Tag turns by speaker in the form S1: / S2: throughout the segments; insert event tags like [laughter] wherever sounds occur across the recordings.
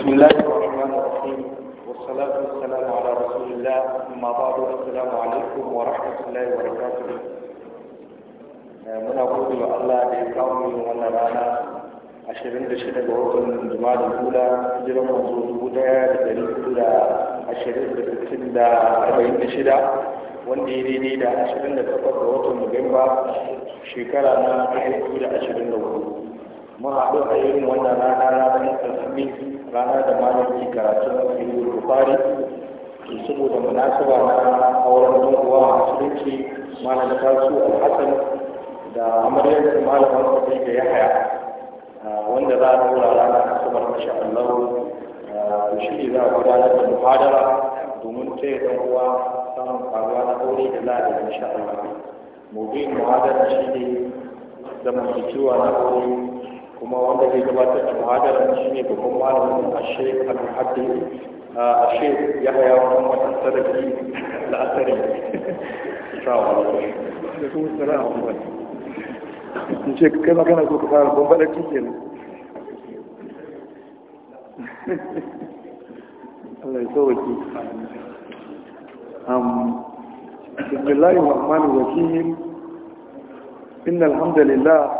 S1: بسم الله الرحمن الرحيم والصلاة والسلام على رسول الله أما بعد السلام عليكم ورحمة الله وبركاته muna gode wa Allah da ya kawo mu wannan rana 26 ga watan Jumada Kula hijiran manzo 1426 da 46 wanda ya daidai da 28 ga watan Nuwamba shekara na 2024 mun haɗu a yin wannan rana ranar alhamis rana da malamci karatun karatu a filin bukari to saboda munasaba na auren don a musulunci malam tasu alhassan da amaryar malaman kudi da ya haya wanda za a dora ranar asabar masha Allah da shi ne za a gudanar da muhadara domin taya dan uwa samun faruwa na aure da za a insha Allah mubin muhadara shi ne zamantakewa na aure kuma wanda zai gabatar da muhadarar shi ne babban malamin ashe al-muhaddi ashe ya haya muhammad sarki la'asari salamu alaikum
S2: salamu alaikum in ce kai magana ko ka fara ban faɗa cikin Allah ya sauwaki um bismillahir rahmanir rahim innal hamdalillah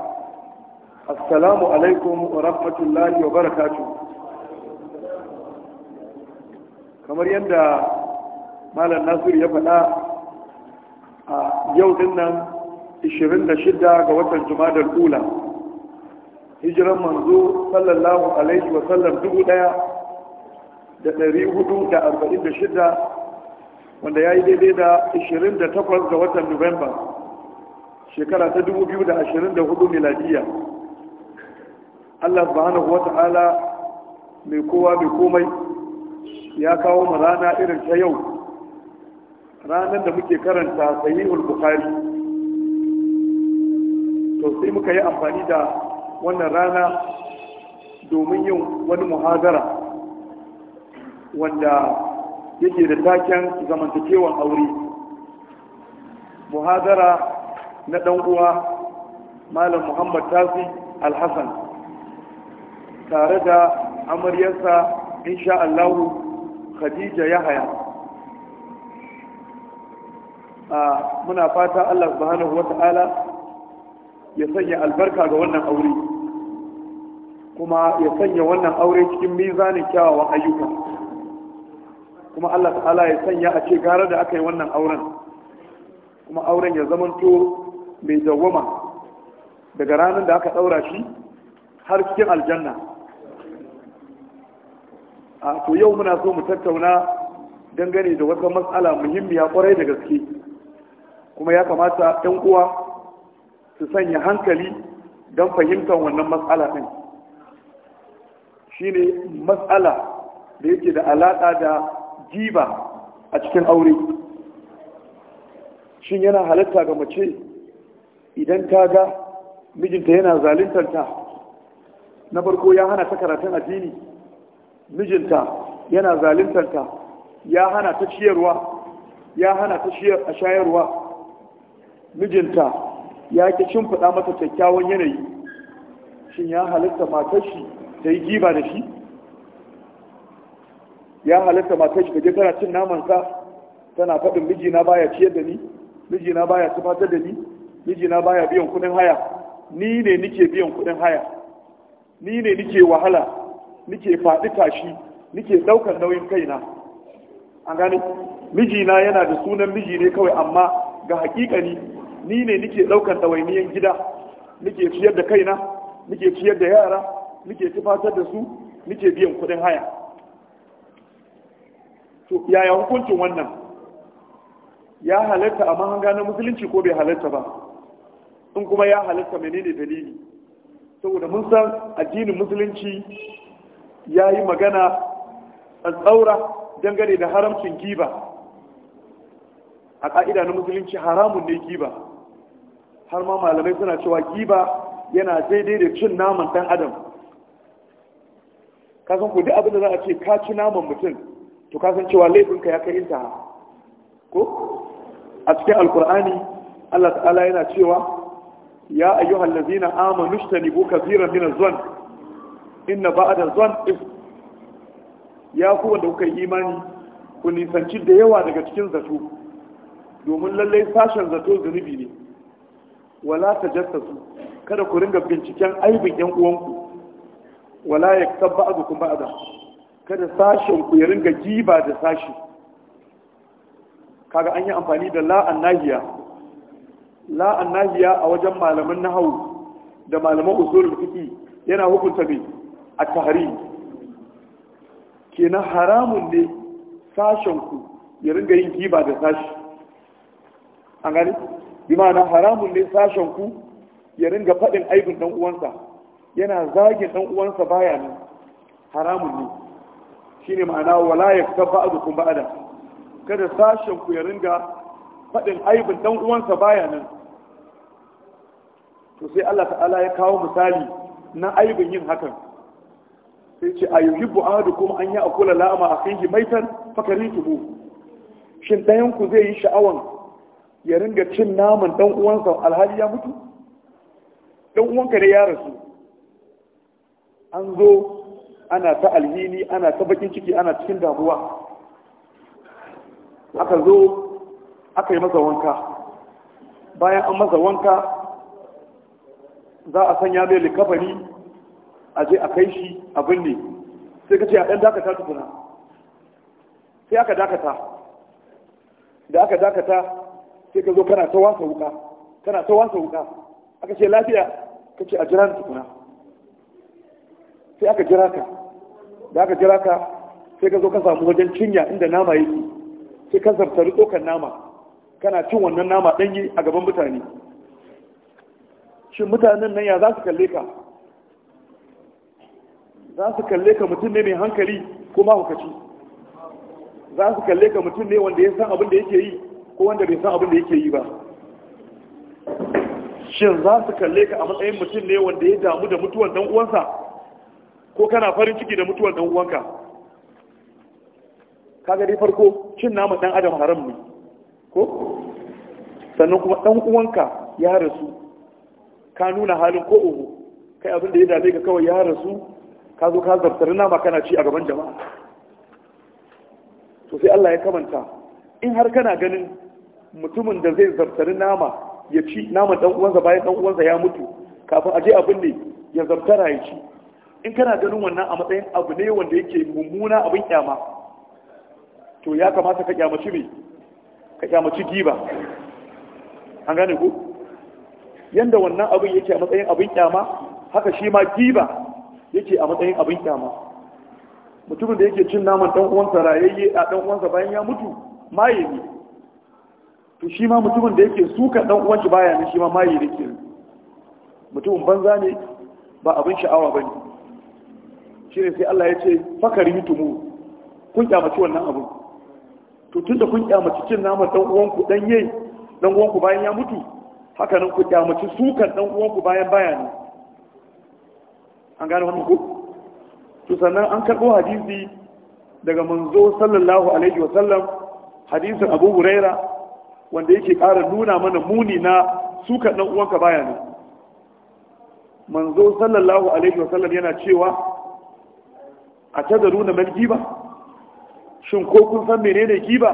S2: assalamu alaikum wa rahmatullahi wa barakatu kamar yadda malam nasiru ya faɗa a yau din nan 26 ga watan jumadar kula hijiran manzo sallallahu alaihi wa sallam dubu ɗaya da ɗari hudu da arba'in da shida wanda ya yi daidai da 28 ga watan nuwamba shekara ta 2024 miladiya Allah subhanahu wata'ala mai kowa mai komai ya kawo mu rana irin ta yau ranar da muke karanta sahihul bukhari to sai muka yi amfani da wannan rana domin yin wani muhazara wanda yake da taken zamantakewan aure muhazara na ɗan uwa malam muhammad tasi alhassan tare da amaryarsa insha Allah Khadija Yahaya a muna fata Allah subhanahu wata'ala ya sanya albarka ga wannan aure kuma ya sanya wannan aure cikin mizanin kyawawan ayyuka kuma Allah ta'ala ya sanya a ce gara da aka yi wannan auren kuma auren ya zamanto mai dawwama daga ranar da aka daura shi har cikin aljanna A'a, to yau muna so mu tattauna dangane da wata matsala muhimmiya kwarai da gaske kuma ya kamata ɗan uwa su sanya hankali don fahimtar wannan matsala ɗin shine matsala da yake da alaƙa da jiba a cikin aure shin yana halatta ga mace idan ta ga mijinta yana zalintar ta na farko ya hana ta karatun addini mijinta yana ta, ya hana ta ciyarwa ya hana ta a shayarwa mijinta ya ki shimfiɗa mata kyakkyawan yanayi shin ya halitta matar shi ta yi giba da shi ya halitta matar shi gaje tana cin namansa tana faɗin mijina baya ciyar da ni mijina baya tufatar da ni mijina baya biyan kuɗin haya ni ne nike biyan kuɗin haya ni ne nike wahala nike faɗi tashi nike ɗaukar nauyin kaina an gane mijina yana da sunan miji ne kawai amma ga hakikani ni ne nike ɗaukar ɗawainiyar gida nike ciyar da kaina nike ciyar da yara nike tufatar da su nike biyan kuɗin haya to yaya hukuncin wannan ya halatta amma mahanga na musulunci ko bai halatta ba in kuma ya halatta menene dalili saboda mun san addinin musulunci ya yi magana a tsaura dangane da haramcin giba a ƙa'ida na musulunci haramun ne giba har ma malamai suna cewa giba yana daidai da cin naman ɗan adam kasan ku duk abin da za a ce ka ci naman mutum to kasan cewa laifinka ya kai inta ko a cikin alkur'ani allah ta'ala yana cewa ya ayyuhallazina amanu shtanibu kaziran min az-zann inna ba'da zon if ya ku wanda kuka yi imani ku nisanci da yawa daga cikin zato domin lallai sashen zato zunubi ne wala tajassasu kada ku ringa binciken aibin yan uwanku wala yaktab ba'dukum ba'da kada sashen ku ya ringa giba da sashi kaga an yi amfani da la'an nahiya la'an nahiya a wajen malaman nahawu da malaman usulul fiqi yana hukunta mai a tahari kenan haramun ne sashenku ya ringa yin giba da sashi an gani bi ma'ana haramun ne sashenku ya ringa faɗin aibin ɗan uwansa yana zagin ɗan uwansa baya ne haramun ne ne ma'ana wala ya ta ba'dukum ba'ada. kada sashenku ya ringa faɗin aibin ɗan uwansa baya nan to sai Allah ta'ala ya kawo misali na aibin yin hakan sai ce a yuhibbu kuma an yi ya'kula la'ama akhihi maitan fakarituhu shin dayan ku zai yi sha'awan ya ringa cin naman dan uwansa alhali ya mutu dan uwanka ne ya rasu an zo ana ta alhini ana ta bakin ciki ana cikin damuwa aka zo aka yi masa wanka bayan an masa wanka za a sanya mai likafani a je a kai shi abin ne sai ka ce a ɗan dakata tukuna sai aka dakata da aka dakata sai ka zo kana ta wasa wuka kana ta wasa wuka aka ce lafiya ka ce a jira ni tukuna sai aka jira ka da aka jira ka sai ka zo ka samu wajen cinya inda nama yake sai ka zartari tsokan nama kana cin wannan nama ɗanyi a gaban mutane shin mutanen nan ya za su kalle ka za su kalle ka mutum ne mai hankali ko mahaukaci za su kalle ka mutum ne wanda ya san abin da yake yi ko wanda bai san abin da yake yi ba shin za su kalle ka a matsayin mutum ne wanda ya damu da mutuwan dan uwansa ko kana farin ciki da mutuwan dan uwanka kaga dai farko cin naman dan adam haram ne ko sannan kuma dan uwanka ya rasu ka nuna halin ko uhu kai abin da ya dame ka kawai ya rasu ka zo ka zartari nama kana ci a gaban jama'a to sai Allah ya kamanta in har kana ganin mutumin da zai zartari nama ya ci naman dan uwansa bayan dan uwansa ya mutu kafin aje abin ne ya zartara ya ci in kana ganin wannan a matsayin abu ne wanda yake mummuna abin kyama to ya kamata ka kyamaci me ka kyamaci giba an gane ku yanda wannan abin yake a matsayin abin kyama haka shi ma giba yake a matsayin abin kyama mutumin da yake cin naman dan uwansa rayayye a dan uwansa bayan ya mutu maye ne to shi ma mutumin da yake suka dan uwan shi baya ne shi ma maye ne ke mutumin banza ne ba abin sha'awa bane ne sai Allah ya ce fakari mu kun kyamaci wannan abu to tunda kun kyamaci cin naman dan uwanku dan yayi dan uwanku bayan ya mutu haka nan ku kyamaci sukan dan uwanku bayan baya ne an gane wannan ku to sannan an karɓo hadisi daga manzo sallallahu alaihi wa sallam hadisin abu huraira wanda yake ƙara nuna mana muni na suka ɗan uwanka baya ne manzo sallallahu alaihi wa sallam yana cewa a ta daru na malgiba shin ko kun san menene giba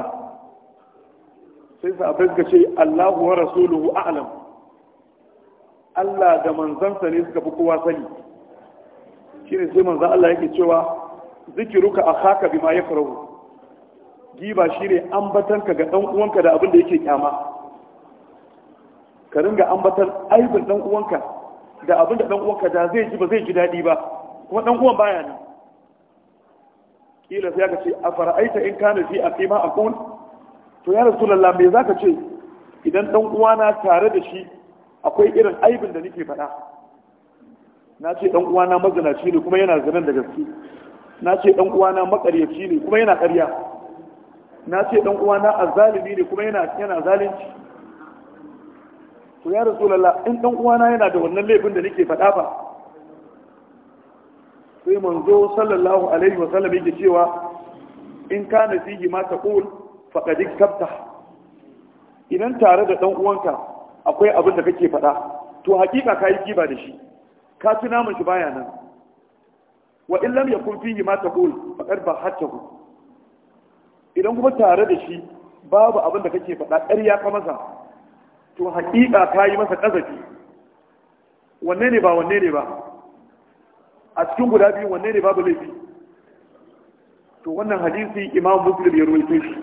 S2: sai sahabbai suka ce Allahu wa rasuluhu a'lam Allah da manzansa ne suka fi kowa sani shine sai manzo Allah yake cewa zikiruka akhaka bima yakrahu giba shine ambatanka ga dan uwanka da abin da yake kyama ka ringa ambatan aibin dan uwanka da abin da dan uwanka da zai ji ba zai ji dadi ba kuma dan uwan baya ne kila sai ka ce a fara'aita in kana fi aqima aqul to ya rasulullah me zaka ce idan dan uwana tare da shi akwai irin aibin da nake faɗa na ce ɗan uwana mazinaci ne kuma yana zanen da gaske na ce ɗan uwana makaryaci ne kuma yana karya na ce ɗan uwana azzalimi ne kuma yana yana zalunci to ya rasulullah in ɗan uwana yana da wannan laifin da nake faɗa ba sai manzo sallallahu alaihi wa sallam yake cewa in kana fihi ma taqul faqad kabta. idan tare da ɗan uwanka akwai abin da kake faɗa to hakika kai kiba da shi ka tuna namun shi baya nan wa in lam yakun fihi ma taqul faqad bahatahu idan kuma tare da shi babu abin da kake faɗa ƙarya ka masa to haƙiƙa ka yi masa ƙazafi wanne ne ba wanne ne ba a cikin guda biyu wanne ne babu laifi to wannan hadisi imam muslim ya ruwaito shi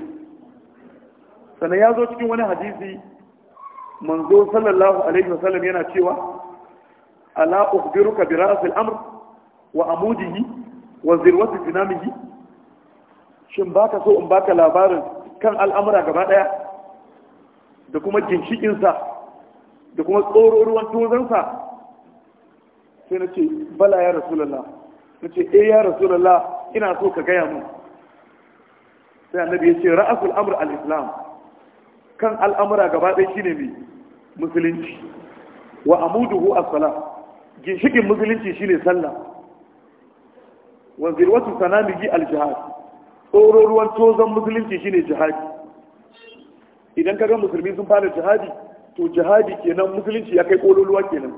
S2: sannan ya zo cikin wani hadisi manzo sallallahu alaihi wasallam yana cewa ala ukhbiruka bi ra'sil amr wa amudihi wa zirwati dinamihi shin baka so in baka labarin kan al'amura gaba daya da kuma ginshikin sa da kuma tsororuwan tozon sa sai nace bala ya rasulullah nace eh ya rasulullah ina so ka gaya mun sai annabi ya ce ra'asul amr al-islam kan al'amura gaba daya shine mai musulunci wa amuduhu as-salat ginshikin musulunci shi ne sallah wa wasu sanamiji al-jihad tsoro ruwan tozon musulunci shi ne jihadi idan kaga musulmi sun fara jihadi to jihadi kenan musulunci ya kai ƙololuwa kenan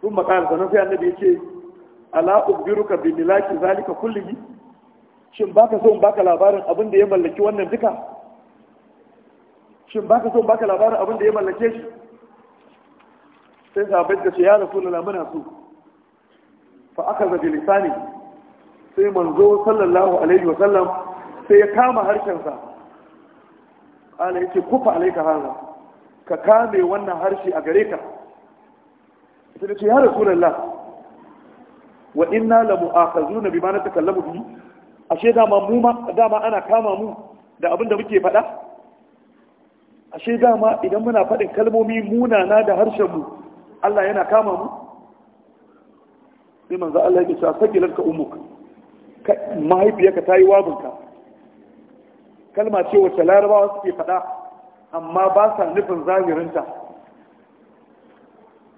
S2: sun makar sanar sai annabi ce ala ubbiruka bin milaki zalika kullihi shin baka so in baka labarin abin da ya mallaki wannan duka shin baka so in baka labarin abin da ya mallake shi sai sahabbai da ce ya rasulullah muna su fa aka zabi lisani sai manzo sallallahu alaihi wa sallam sai ya kama harshensa ala yake kufa alaika haza ka kame wannan harshe a gare ka sai da ce ya rasulullah wa inna la na bima natakallamu bihi ashe dama mu ma dama ana kama mu da abin da muke faɗa ashe dama idan muna faɗin kalmomi na da harshen mu Allah yana kama mu sai manzo Allah yake cewa sakilar ka ummuka mahaifiyarka ta yi wabinka kalma ce wacce larabawa suke faɗa amma ba sa nufin zahirinta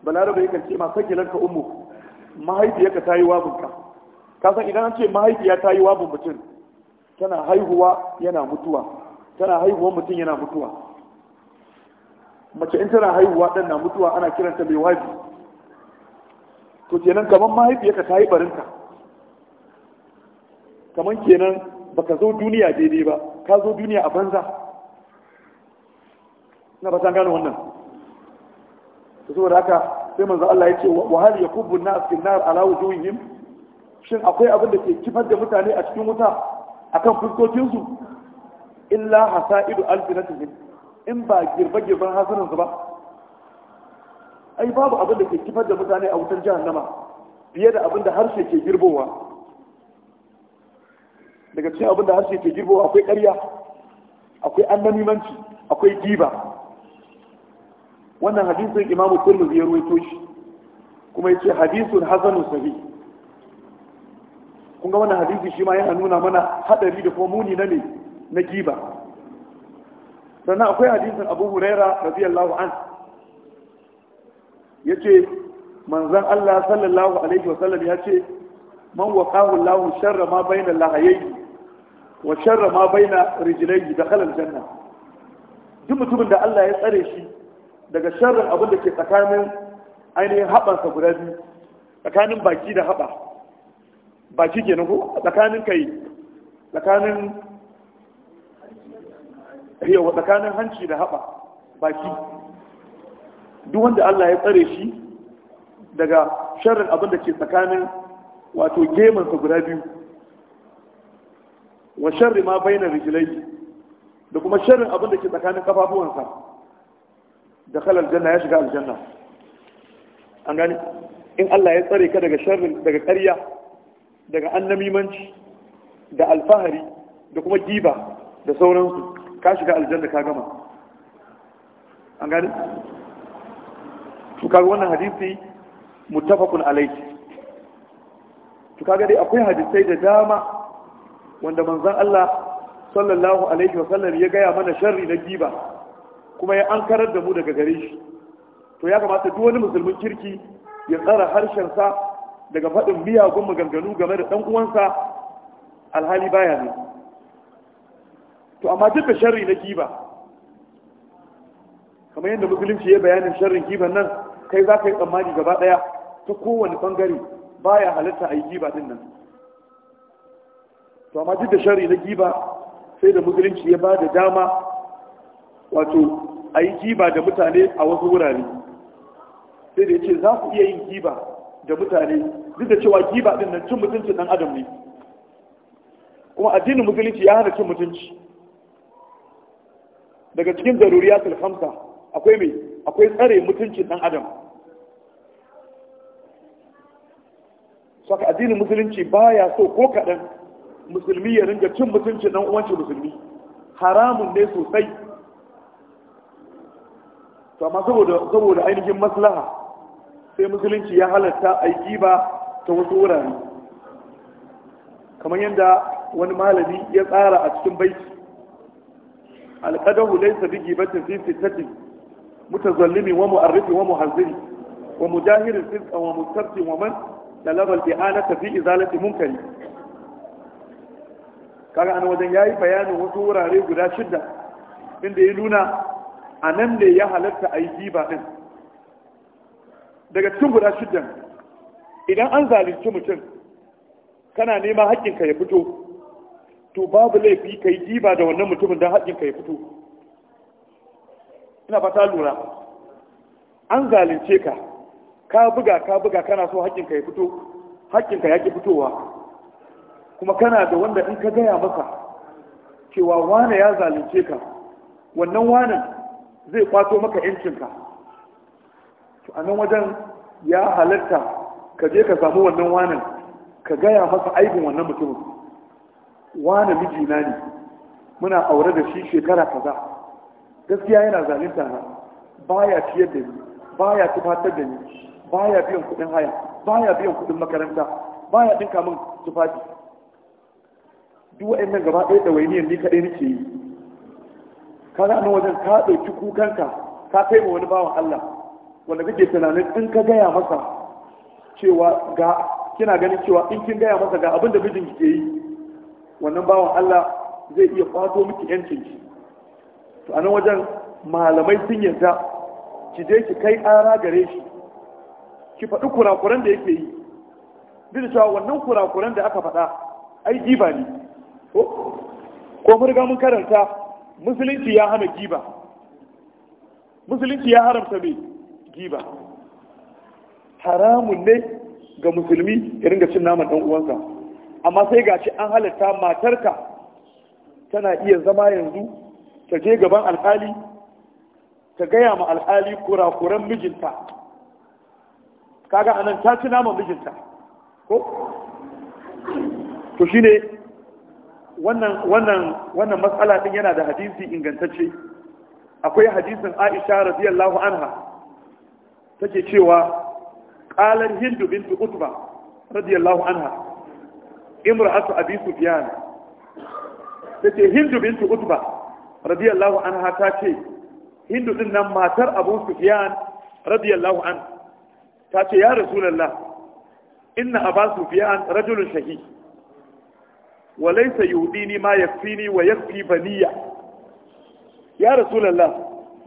S2: balaraba yakan ce ma sakilar ka ummu mahaifiyarka ta yi wabinka ka san idan an ce mahaifiya ta yi wabin mutum tana haihuwa yana mutuwa tana haihuwa mutum yana mutuwa mace in tana haihuwa ɗan na mutuwa ana kiranta mai wajibi to kenan kamar mahaifiyarka ta yi barinka kamar kenan baka zo duniya daidai ba ka zo duniya a banza na ba ta gane wannan to saboda haka sai manzo Allah ya ce wa hal yakubbu an-nas fi an-nar ala wujuhihim shin akwai abin da ke kifar da mutane a cikin wuta akan fuskokin su illa hasaidu alfinatihim in ba girbe-girben hasunansu ba ai babu abin da ke kifar da mutane a wutar jahannama fiye da abin da harshe ke girbowa daga cikin abin da harshe ke girbowa akwai ƙarya akwai annamimanci akwai giba wannan hadisun imamu turmuzi ya ruwaito shi kuma ya ce hadisun hasanun sahi kun ga wannan hadisi shi ma yana nuna mana haɗari da kuma muni na ne na giba sannan akwai hadisin abu huraira radiyallahu an ya ce manzan allah sallallahu alaihi wasallam ya ce man waqahu Lahu, sharra ma bayna lahayyi wa sharra ma bayna da dakhala janna. duk mutumin da allah ya tsare shi daga sharrin abin da ke tsakanin ainihin haɓansa guda biyu tsakanin baki da haɓa baki kenan ko tsakanin kai tsakanin wa tsakanin hanci da haɓa baki duk wanda Allah ya tsare shi daga sharrin abin da ke tsakanin wato gemansa guda biyu wa sharri ma bainar rijilai da kuma sharrin abin da ke tsakanin kafafuwansa da kalar janna ya shiga aljanna an gani in Allah ya tsare ka daga sharrin daga ƙarya daga annamimanci da alfahari da kuma giba da sauransu ka shiga aljanna ka gama an gani to kaga wannan hadisi muttafaqun alayhi to kaga dai akwai hadisai da dama wanda manzon Allah sallallahu alaihi wa sallam ya gaya mana sharri na giba kuma ya ankarar da mu daga gare shi to ya kamata duk wani musulmin kirki ya tsara harshen sa daga faɗin miyagun maganganu game da ɗan uwansa alhali baya ne to amma duk da sharri na kiba kamar yadda musulunci ya bayanin sharrin kiban nan kai za ka yi tsammani gaba ɗaya ta kowane ɓangare baya halatta a yi kiba ɗin nan to amma duk da sharri na kiba sai da musulunci ya ba da dama wato a yi kiba da mutane a wasu wurare sai da ya ce za ku iya yin kiba da mutane duk da cewa kiba ɗin nan cin mutuncin ɗan adam ne kuma addinin musulunci ya hana cin mutunci daga cikin daruriyatul khamsa akwai mai akwai tsare mutuncin dan adam saka addinin musulunci baya so ko kaɗan musulmi ya ringa cin mutunci dan uwancin musulmi haramun ne sosai to amma saboda saboda ainihin maslaha sai musulunci ya halatta aiki ba ta wasu wurare kamar yadda wani malami ya tsara a cikin baiti alqadahu laysa bi gibatin fi fitati mutazallimi wa mu'arrifi wa muhazziri wa mujahirin fisqa wa mustabti wa man talaba al-i'anata fi izalati munkari kaga an wajen yayi bayanin wasu wurare guda shidda inda ya nuna a nan ne ya halatta a yi giba din daga cikin guda shiddan idan an zalunci mutum kana nema haƙƙinka ya fito to babu laifi ka yi jiba da wannan mutumin don haƙƙin ka ya fito ina fata lura an zalunce ka ka buga ka buga kana so haƙƙin ka ya fito haƙin ka ya fitowa kuma kana da wanda in ka gaya masa cewa wane ya zalunce ka wannan wanan zai kwato maka yancinka to a nan wajen ya halatta ka je ka samu wannan wanan ka gaya masa aibin wannan mutumin wani mijina ne muna aure da shi shekara kaza gaskiya yana zalunta na baya ciyar da ni baya tufatar da ni baya biyan kuɗin haya baya biyan kuɗin makaranta baya dinka min tufafi duk wa'annan gaba ɗaya da ɗawainiyar ni kaɗai nake yi ka nan wajen ka ɗauki kukanka ka kai ma wani bawan Allah wanda kake tunanin in ka gaya masa cewa ga kina ganin cewa in kin gaya masa ga abin da mijin ke yi wannan bawan Allah zai iya kwato miki yancin ki to a nan wajen malamai sun yarda ki je ki kai ƙara gare shi ki faɗi kurakuran da yake yi duk da cewa wannan kurakuran da aka faɗa ai giba ne ko mun riga mun karanta musulunci ya hana giba musulunci ya haramta me giba haramun ne ga musulmi ya ringa cin naman ɗan uwansa amma sai ga shi an halatta matarka tana iya zama yanzu ta je gaban alkali ta gaya ma alkali kurakuran mijinta kaga anan ta ci nama mijinta ko to shine wannan wannan matsala din yana da hadisi ingantacce akwai hadisin Aisha radiyallahu anha take cewa ƙalar Hindu bintu Utba radiyallahu anha imra'atu abi sufyan tace hindu bintu utba radiyallahu anha ta ce hindu din nan matar abu sufyan radiyallahu an ta ce ya rasulullah inna aba sufyan rajulun shahih wa laysa yuhdini ma yakfini wa yakfi baniya ya rasulullah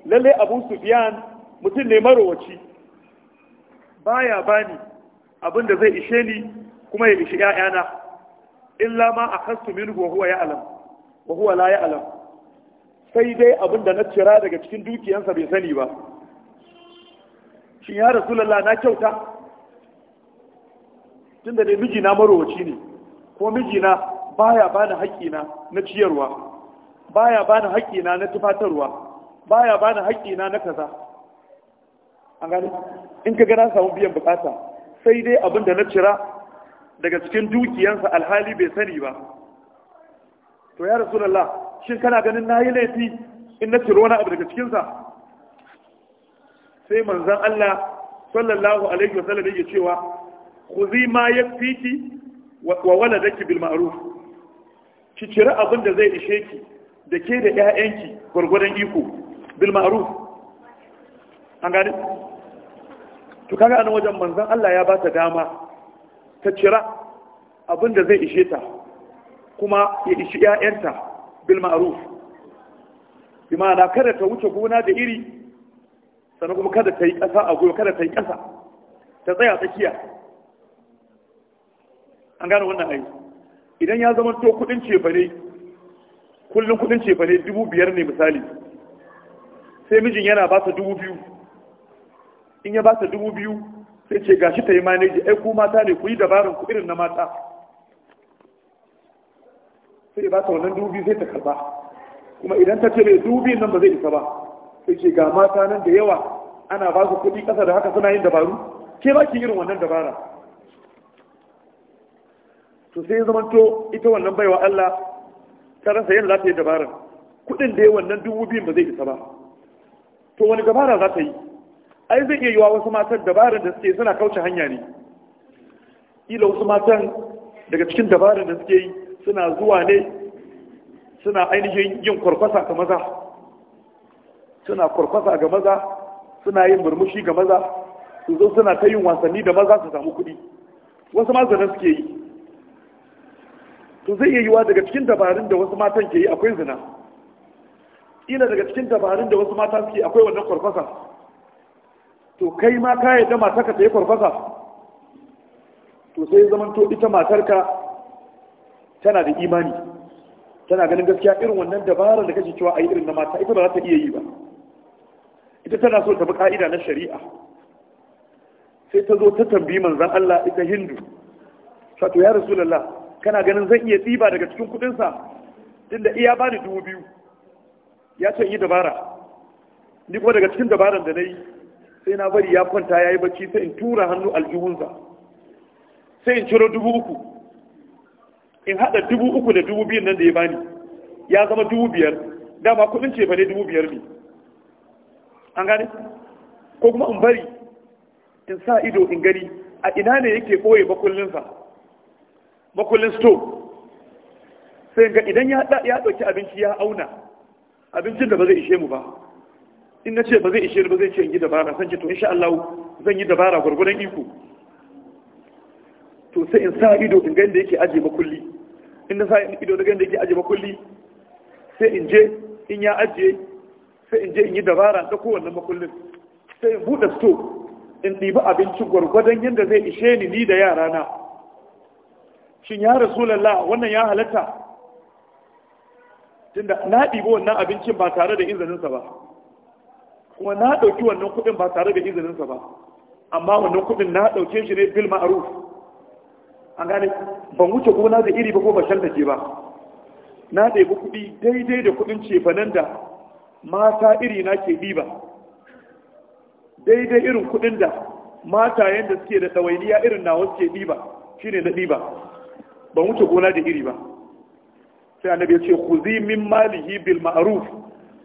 S2: lalle abu sufyan mutum ne marowaci baya bani abinda zai ishe ni kuma ya ishe 'ya'yana illa ma a minhu wa huwa ya'lam wa huwa la ya'lam sai dai abinda na cira daga cikin dukiyansa bai sani ba shin ya lalla na kyauta tunda dai mijina marowaci ne ko mijina baya bani haƙƙina na ciyarwa baya bani haƙƙina na tufatarwa baya bani haƙƙina na kaza an gani in ka gana samu biyan bukata sai dai abin da na cira daga cikin dukiyansa alhali bai sani ba to ya rasulullah shin kana ganin yi laifi in na ciro wani abu daga cikinsa sai manzon Allah sallallahu alaihi wasallam yake cewa khuzi ma yakfiki wa waladaki bil ma'ruf ki cire abin da zai ishe ki da ke da ƴaƴanki gurgurdan iko bil ma'ruf an gane to kaga an wajen manzon Allah ya ba ta dama ta cira abin da zai ishe ta kuma ya ishi 'ya'yanta bil ma'aruf bi ma'ana kada ta wuce gona da iri sannan kuma kada ta yi ƙasa a goyo kada ta yi ƙasa ta tsaya tsakiya an gane wannan ayi idan ya zama to kudin cefane kullum kudin cefane dubu biyar ne misali sai mijin yana ba ta dubu biyu in ya ba ta dubu biyu sai ce gashi ta yi maneji ai ku mata ne ku yi dabarin ku irin na mata sai ya ba ta wannan dubi zai ta karba kuma idan ta cire dubi nan ba zai isa ba sai ce ga mata nan da yawa ana ba su kuɗi ƙasa da haka suna yin dabaru ke ba ki irin wannan dabara to sai zamanto ita wannan baiwa Allah ta rasa yin za ta yi dabaran kuɗin da ya wannan dubu biyun ba zai isa ba to wani dabara za ta yi ai zai iya wa wasu matan dabarar da suke suna kauce hanya ne ila wasu matan daga cikin dabarar da suke yi suna zuwa ne suna ainihin yin kwarkwasa ga maza suna kwarkwasa ga maza suna yin murmushi ga maza su zo suna ta yin wasanni da maza su samu kuɗi wasu ma zina suke yi to zai iya wa daga cikin dabarun da wasu matan ke yi akwai zina ila daga cikin dabarun da wasu matan suke akwai wannan kwarkwasa to kai ma ka da matarka ta yi farfasa to sai zaman to ita matarka tana da imani tana ganin gaskiya irin wannan dabarar da kake cewa a yi irin na mata ita ba za ta iya yi ba ita tana so ta bi ka'ida na shari'a sai ta zo ta tambayi manzan Allah ita hindu sato ya rasulullah kana ganin zan iya tsiba daga cikin kudinsa tunda iya bani dubu biyu ya ce yi dabara ni kuma daga cikin dabaran da na yi sai na bari ya kwanta ya yi bacci sai in tura hannu aljihunsa sai in ciro dubu uku in haɗa dubu uku da dubu biyun nan da ya bani ya zama dubu biyar dama kuɗin ce ba ne dubu biyar ne an gane ko kuma in bari in sa ido in gani a ina ne yake ɓoye bakullinsa makullin stone, sai ga idan ya ɗauki abinci ya auna abincin da ba zai ishe mu ba in na ce ba zai ishe ba zai ce in yi dabara san ce to insha Allah zan yi dabara gwargwadon iko to sai in sa ido in ga inda yake aje makulli in na sa ido na ga inda yake aje makulli sai in je in ya aje sai in je in yi dabara ta kowanne makullin sai in bude sto in ɗiba abinci gwargwadon yadda zai ishe ni ni da yara na shin ya rasulallah wannan ya halatta tunda na ɗiba wannan abincin ba tare da izininsa ba kuma na ɗauki wannan kuɗin ba tare da izininsa ba amma wannan kuɗin na ɗauke shi ne bil ma'ruf an gane ban wuce ko na da iri ba ko ba shan ba na ɗebi kuɗi daidai da kuɗin cefanen da mata iri na ke ba. daidai irin kuɗin da mata yadda suke da ɗawainiya irin nawa suke ɗiba shi ne na ɗiba ban wuce gona da iri ba sai annabi ya ce ku zi min malihi bil ma'ruf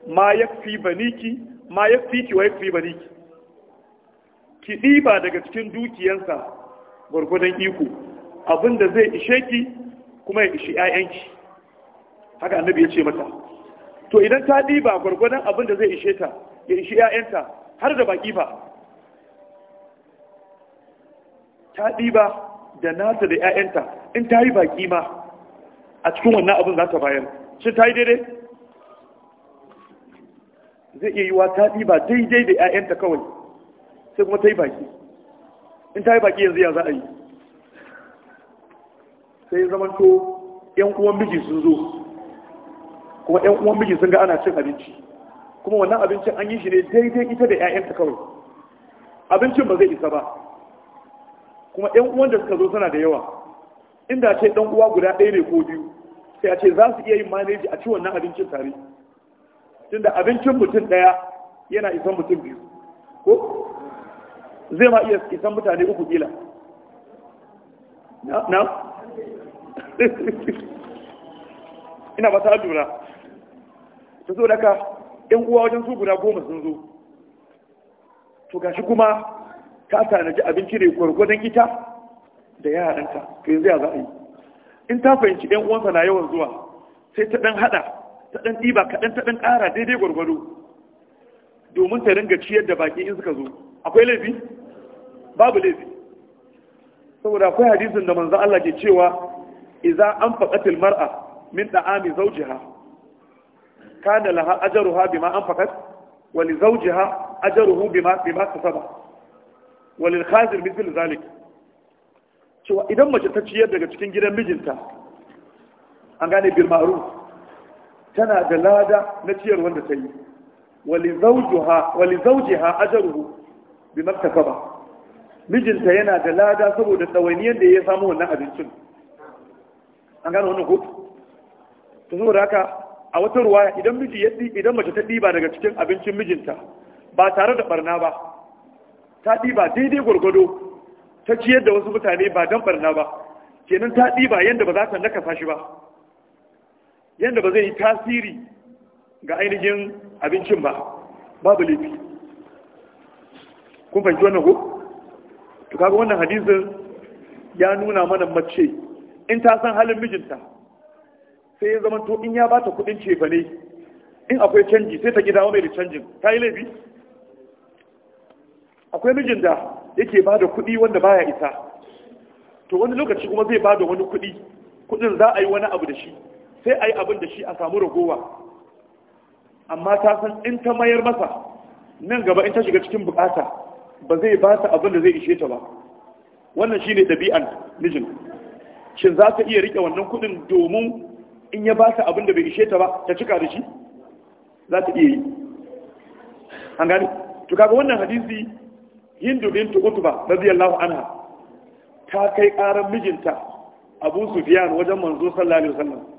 S2: ma yakfi baniki ma ya fi ki wa ya fi bari ki ɗiba daga cikin dukiyansa gwargwadon iko abinda zai ishe ki kuma ya ishi 'ya'yanki haka annabi ya ce mata to idan ta ɗiba gwargwadon abinda zai ishe ta ya ishi 'ya'yanta har da baƙi ba ta ɗiba da nata da 'ya'yanta in ta yi baƙi ma a cikin wannan abin za ta bayar shi ta yi daidai zai iya yi wa taɗi ba daidai da 'ya'yanta kawai sai kuma ta yi baki in ta yi baki yanzu ya za a yi sai zamanto 'yan uwan miji sun zo kuma 'yan uwan miji sun ga ana cin abinci kuma wannan abincin an yi shi ne daidai ita da 'ya'yanta kawai abincin ba zai isa ba kuma 'yan uwan da suka zo suna da yawa inda ce ɗan uwa guda ɗaya ne ko biyu sai a ce za su iya yin manaji a ci wannan abincin tare tunda abincin mutum ɗaya yana isan mutum biyu ko zai ma iya isan mutane uku kila na [laughs] ina ba ta lura ta so daga yan uwa wajen su guda goma sun zo to gashi kuma ta tanaji abinci da gwargwadon ita da yaranta to yanzu ya za a yi in ta fahimci yan uwansa na yawan zuwa sai ta dan hada ta ɗan ɗiba kaɗan ta ɗan ƙara daidai gwargwado domin ta ringa ciyar da baki in suka zo akwai laifi babu laifi saboda akwai hadisin da manzo Allah ke cewa idza anfaqatil mar'a min da'ami zawjiha kana laha ajruha bima anfaqat wa li zawjiha ajruhu bima bima kasaba wa lil khazir mithl zalik cewa idan mace ta ciyar daga cikin gidan mijinta an gane bil ma'ruf tana da lada na ciyar wanda ta yi wali zaujiha ajaruhu bi ba. mijinta yana da lada saboda tsawaniyar da ya samu wannan abincin an gano wannan ko to saboda haka a wata ruwa idan miji ya idan mace ta ɗiba daga cikin abincin mijinta ba tare da barna ba ta diba daidai gwargwado ta ciyar da wasu mutane ba dan barna ba kenan ta ɗiba yadda ba za ta nakasa shi ba yadda ba zai yi tasiri ga ainihin abincin ba babu laifi kun fahimci wannan ko to kaga wannan hadisin ya nuna mana mace in ta san halin mijinta sai ya zama to in ya bata kudin cefa ne in akwai canji sai ta gida mai da canjin ta yi laifi akwai mijin da yake ba da kudi wanda baya isa to wani lokaci kuma zai ba da wani kudi kudin za a yi wani abu da shi sai a yi abin da shi a samu ragowa amma ta san in ta mayar masa nan gaba in ta shiga cikin bukata ba zai ba ta abin da zai ishe ta ba wannan shi ne ɗabi'an mijin shin za ta iya riƙe wannan kuɗin domin in ya ba ta abin da bai ishe ta ba ta cika da shi za ta iya yi an gani to kaga wannan hadisi hindu bin utba radiyallahu anha ta kai ƙarar mijinta abu sufyan wajen manzo sallallahu alaihi wasallam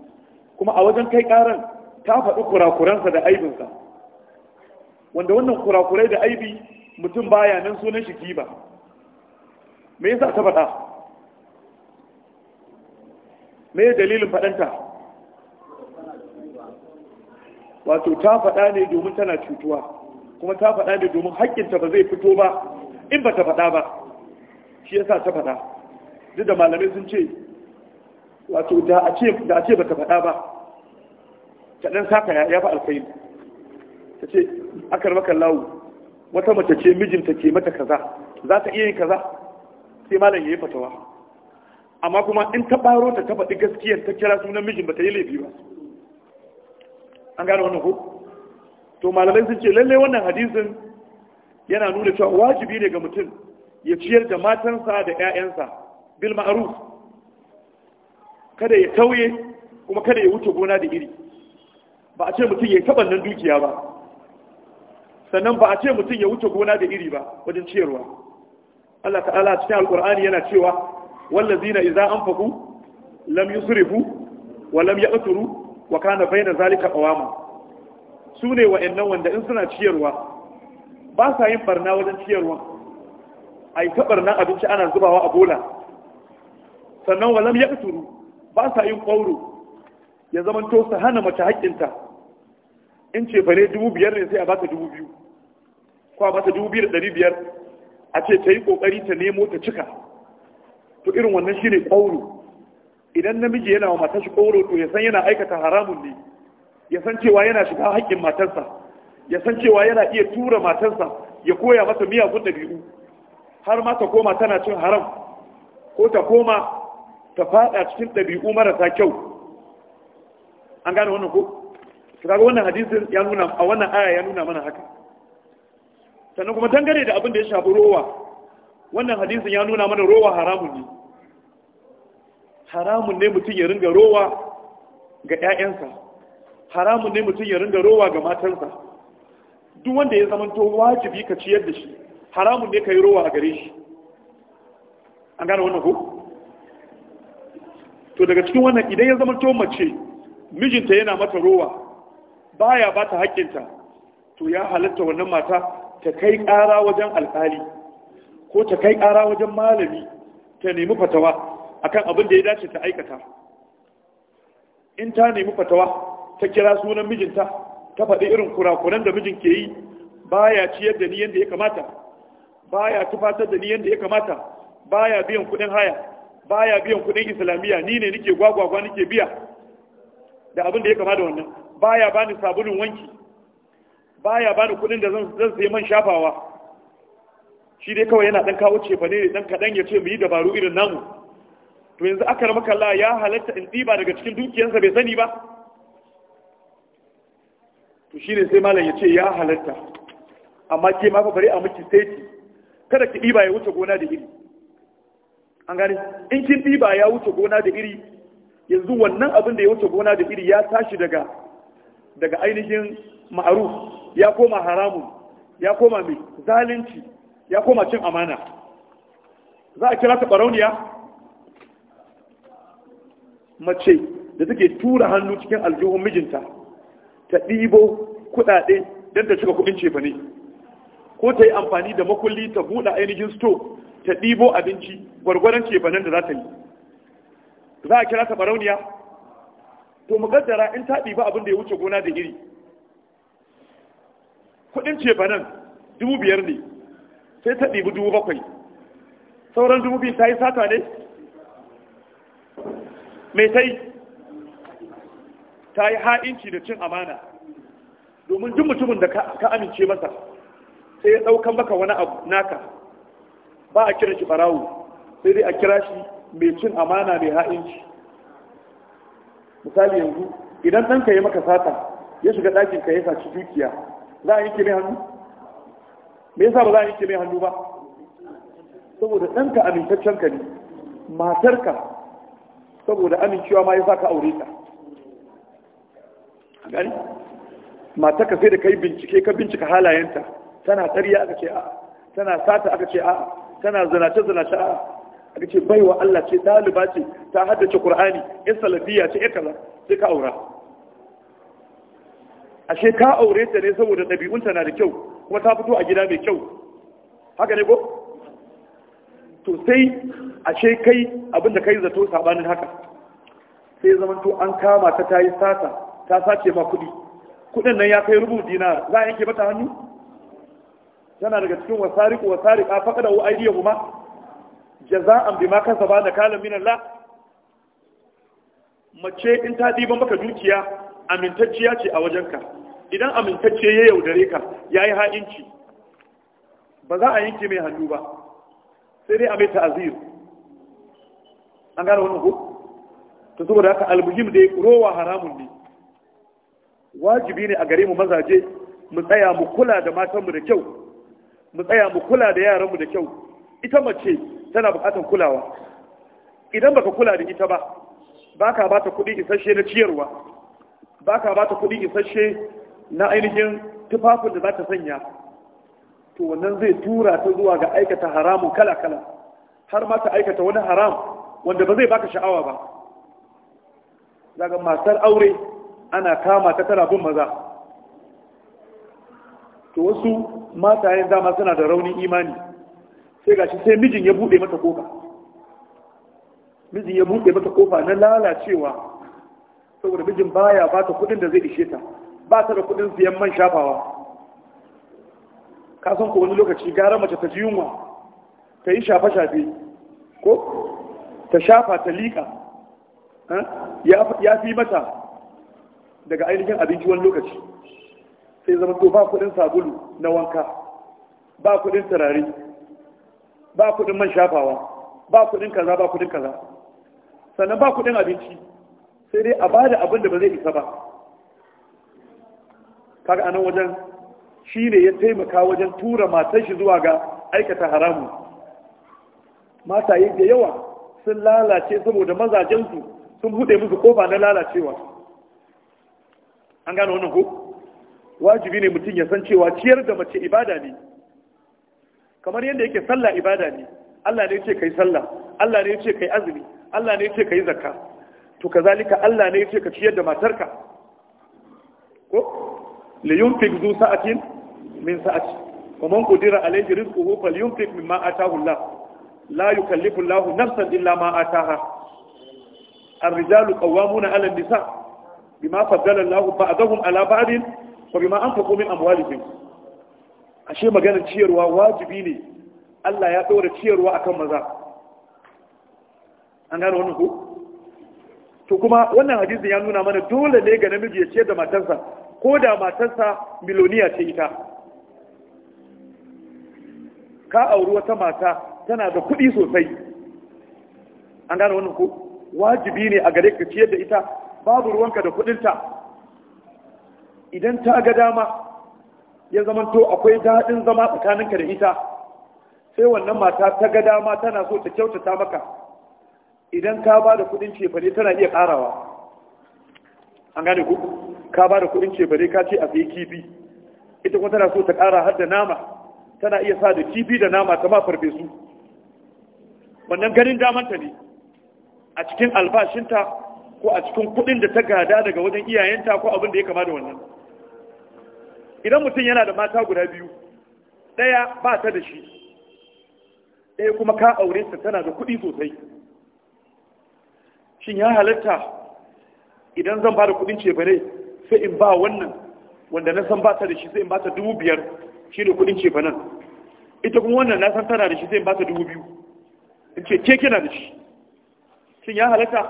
S2: kuma a wajen kai karan ta faɗi kurakuransa da aibinsa wanda wannan kurakurai da aibi mutum baya nan sunan shi kiba me yasa ta faɗa me dalilin faɗanta wato ta faɗa ne domin tana cutuwa kuma ta faɗa ne domin haƙƙinta ba zai fito ba in ba ta faɗa ba shi yasa ta faɗa duk da malamai sun ce wato da a ce da a ce baka faɗa ba ta saka ya fa alkhairi ta ce akar maka lawo wata mace ce mijinta ke mata kaza za ta iya yin kaza sai malam yayi fatawa amma kuma in ta baro ta ta faɗi gaskiyar ta kira sunan mijin ba ta yi laifi ba an gane wannan ko to malamai sun ce lallai wannan hadisin yana nuna cewa wajibi ne ga mutum ya ciyar da matansa da 'ya'yansa bil ma'ruf kada ya tauye kuma kada ya wuce gona da iri ba a ce mutum ya taɓa nan dukiya ba sannan ba a ce mutum ya wuce gona da iri ba wajen ciyarwa Allah ta'ala cikin alkur'ani yana cewa wallazina idza anfaqu lam yusrifu wa lam ya'turu wa kana bayna zalika qawama sune wa'annan wanda in suna ciyarwa ba sa yin barna wajen ciyarwa ai ta barna abinci ana zubawa a bola sannan wa lam ya'turu ba sa yin ƙwauro ya zama to su hana mace haƙƙinta in ce fane dubu biyar ne sai a bata dubu biyu ko a bata dubu biyu da ɗari biyar a ce ta yi ƙoƙari ta nemo ta cika to irin wannan shi ne ƙwauro idan namiji yana wa matashi shi to ya san yana aikata haramun ne ya san cewa yana shiga haƙƙin matarsa ya san cewa yana iya tura matarsa ya koya mata miyagun ɗabi'u har ma ta koma tana cin haram ko ta koma Ta fada cikin ɗabi'u marasa kyau an gane wannan ko kaga wannan hadisin ya nuna a wannan aya ya nuna mana haka sannan kuma dangane da abin da ya shafi rowa wannan hadisin ya nuna mana rowa haramun ne haramun ne mutum ya ringa rowa ga 'ya'yansa haramun ne mutum ya ringa rowa ga matansa duk wanda ya zama to wajibi ka ciyar da shi haramun ne ka yi rowa a gare shi an gane wannan ko to daga cikin wannan idan ya zama mace mijinta yana mata rowa baya ba ta haƙƙinta to ya halatta wannan mata ta kai ƙara wajen alƙali ko ta kai ƙara wajen malami ta nemi fatawa akan abin da ya dace ta aikata in ta nemi fatawa ta kira sunan mijinta ta faɗi irin kurakuran da mijin ke yi baya ciyar da ni yadda ya kamata baya tufatar da ni yadda ya kamata baya biyan kuɗin haya baya biyan kudin islamiyya ni ne nake gwagwagwa nike biya da abin da ya kama da wannan baya bani sabulun wanki baya bani kudin da zan zan man shafawa shi dai kawai yana dan kawo cefa ne dan kadan ya ce mu yi dabaru irin namu to yanzu aka rama kalla ya halatta in diba daga cikin dukiyarsa bai sani ba to shine sai malam ya ce ya halatta amma ke ma fa bari a miki sai kada ki diba ya wuce gona da iri an gane in kin diba ya wuce gona da iri yanzu wannan abin da ya wuce gona da iri ya tashi daga daga ainihin ma'aruf ya koma haramun ya koma mai zalunci ya koma cin amana za a kira ta barauniya mace da take tura hannu cikin aljihun mijinta ta ɗibo kuɗaɗe don ta cika kuɗin cefane, ko ta yi amfani da makulli ta buɗe ainihin sto ta ɗibo abinci gwargwaron cefanen da za ta yi za a kira ta barauniya to mu gaddara in ta ɗiba abin da ya wuce gona da iri kuɗin cefanen dubu biyar ne sai ta ɗibi dubu bakwai sauran dubu biyu ta yi sata ne mai ta yi ta yi ha'inci da cin amana domin duk mutumin da ka amince masa sai ya ɗaukan maka wani abu naka ba a kira shi barawo sai dai a kira shi mai cin amana mai ha'inci misali yanzu idan ɗanka ya maka sata ya shiga ɗakin ka ya saci dukiya za a yi kime hannu me yasa ba za a yi kime hannu ba saboda ɗanka amintaccen ka ne matarka saboda amincewa ma ya sa ka aure ka. gani matarka sai da ka yi bincike ka bincika halayenta tana tsariya aka ce a tana sata aka ce a tana zinace zinace a aka ce baiwa Allah ce ɗaliba ce ta haddace ƙur'ani in salafiya ce ikala sai ka aura ashe ka aure ta ne saboda ɗabi'unta na da kyau kuma ta fito a gida mai kyau haka ne ko to sai ashe kai abinda kai zato sabanin haka sai zaman to an kama ta tayi sata ta sace ma kuɗi kuɗin nan ya kai rubu dinar za a yanke mata hannu Tana daga cikin wasariku wasariqa faqada wa kuma jaza'an bima kasaba kalam min Allah mace in ta diba maka dukiya amintacciya ce a wajenka idan amintacce ya yaudare ka yayi ha'inci ba za a yanke mai hannu ba sai dai a mai ta'azir an gane wannan ku? ta saboda haka almuhim dai rowa haramun ne wajibi ne a gare mu mazaje mu tsaya mu kula da matanmu da kyau mu tsaya mu kula da yaranmu da kyau ita mace tana buƙatar kulawa idan baka kula da ita ba baka bata kuɗi isasshe na ciyarwa baka bata kuɗi isasshe na ainihin tufafin da za ta sanya to wannan zai tura ta zuwa ga aikata haramun kala-kala har ma ta aikata wani haram wanda ba zai baka sha'awa ba daga matar aure ana kama ta tara bin maza to wasu matayen dama suna da raunin imani sai gashi sai mijin ya bude mata kofa mijin ya bude mata kofa na lalacewa saboda mijin baya ba ta kudin da zai ishe ta ba ta da kudin siyan man shafawa ka san ko wani lokaci gara mace ta ji yunwa ta yi shafe-shafe ko ta shafa ta liƙa eh? ya fi mata daga ainihin abinci wani lokaci sai zama ba kudin sabulu na wanka ba kudin turare ba kudin man shafawa ba kudin kaza ba kudin kaza sannan ba kudin abinci sai dai a bada abin da ba zai isa ba kaga anan wajen shine ya taimaka wajen tura matar shi zuwa ga aikata haramu mataye da yawa sun lalace saboda mazajensu sun buɗe musu kofa na lalacewa an gano wannan ko wajibi ne mutum ya san cewa ciyar da mace ibada ne kamar yadda yake sallah ibada ne Allah ne ce kai sallah Allah ne ce kai azumi Allah ne ce kai zakka to kazalika Allah ne ce ka ciyar da matarka ko li yunfiq zu sa'atin min sa'ati wa man qadira alayhi rizquhu falyunfiq mimma ataahu Allah la yukallifu Allah nafsan illa ma ataaha qawwamuna 'ala an النساء bima faddala الله بعضهم 'ala بعض wa bima anfaqu min amwalihim ashe maganar ciyarwa wajibi ne Allah ya ɗora ciyarwa akan maza an gano wannan ko to kuma wannan hadisin ya nuna mana dole ne ga namiji ya ciyar da matarsa ko da matarsa miloniya ce ita ka auri wata mata tana da kuɗi sosai an gano wannan ko wajibi ne a gare ka ciyar da ita babu ruwanka da kuɗinta idan ta ga dama ya zamanto akwai daɗin zama tsakaninka da ita sai wannan mata ta ga dama tana so ta kyautata maka idan ka ba da kudin cefane tana iya ƙarawa an gane ku ka ba da kudin cefane ka ce a fi kifi ita kuma tana so ta ƙara har da nama tana iya sa da kifi da nama ta ma farfesu wannan ganin damanta ne a cikin albashinta ko a cikin kudin da ta gada daga wajen iyayenta ko abin da ya kama da wannan idan mutum yana da mata guda biyu ɗaya ba ta da shi ɗaya kuma ka aure ta tana da kuɗi sosai shin ya halatta idan zan ba da kuɗin cefane sai in ba wannan wanda na san ba ta da shi sai in ba ta dubu biyar shi da kuɗin cefanen ita kuma wannan na san tana da shi sai in ba ta dubu biyu in ce ke kina da shi shin ya halatta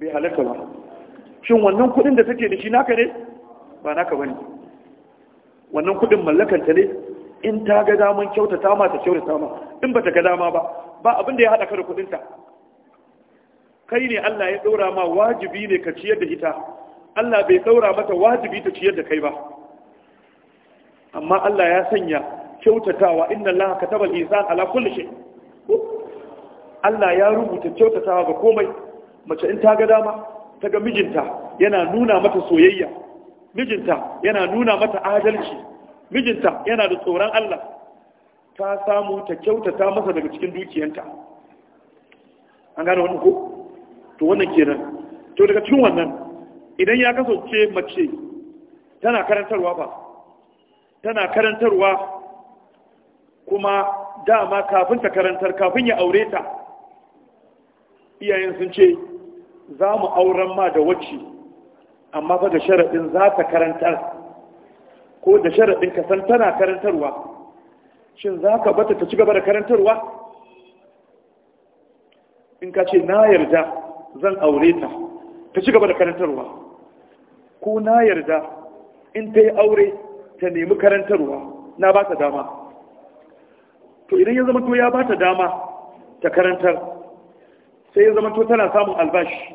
S2: bai halatta ba shin wannan kuɗin da take da shi naka ne ba naka bane wannan kudin mallakanta ne in ta ga daman mata ma ta ma in ba ta ga dama ba ba abin da ya haɗa ka da kudinta kai ne Allah ya ɗora ma wajibi ne ka ciyar da ita Allah bai ɗora mata wajibi ta ciyar da kai ba amma Allah ya sanya kyautatawa inna Allah kataba al-ihsan ala kulli shay Allah ya rubuta kyautatawa ga komai mace in ta ga dama ta ga mijinta yana nuna mata soyayya mijinta yana nuna mata adalci mijinta yana da tsoron Allah ta samu ta kyautata masa daga cikin dukiyanta an gane wannan ko to wannan kenan to daga cikin wannan idan ya kasance mace tana karantarwa ba tana karantarwa kuma dama kafin ta karantar kafin ya aure ta iyayen sun ce za mu auren ma da wacce amma ba da sharaɗin za ta karantar ko da sharaɗin ka san tana karantarwa shin za ka bata ta ci gaba da karantarwa in ka ce na yarda zan aure ta ta ci gaba da karantarwa ko na yarda in ta yi aure ta nemi karantarwa na ba ta dama to idan ya zama to ya ba ta dama ta karantar sai ya zama to tana samun albashi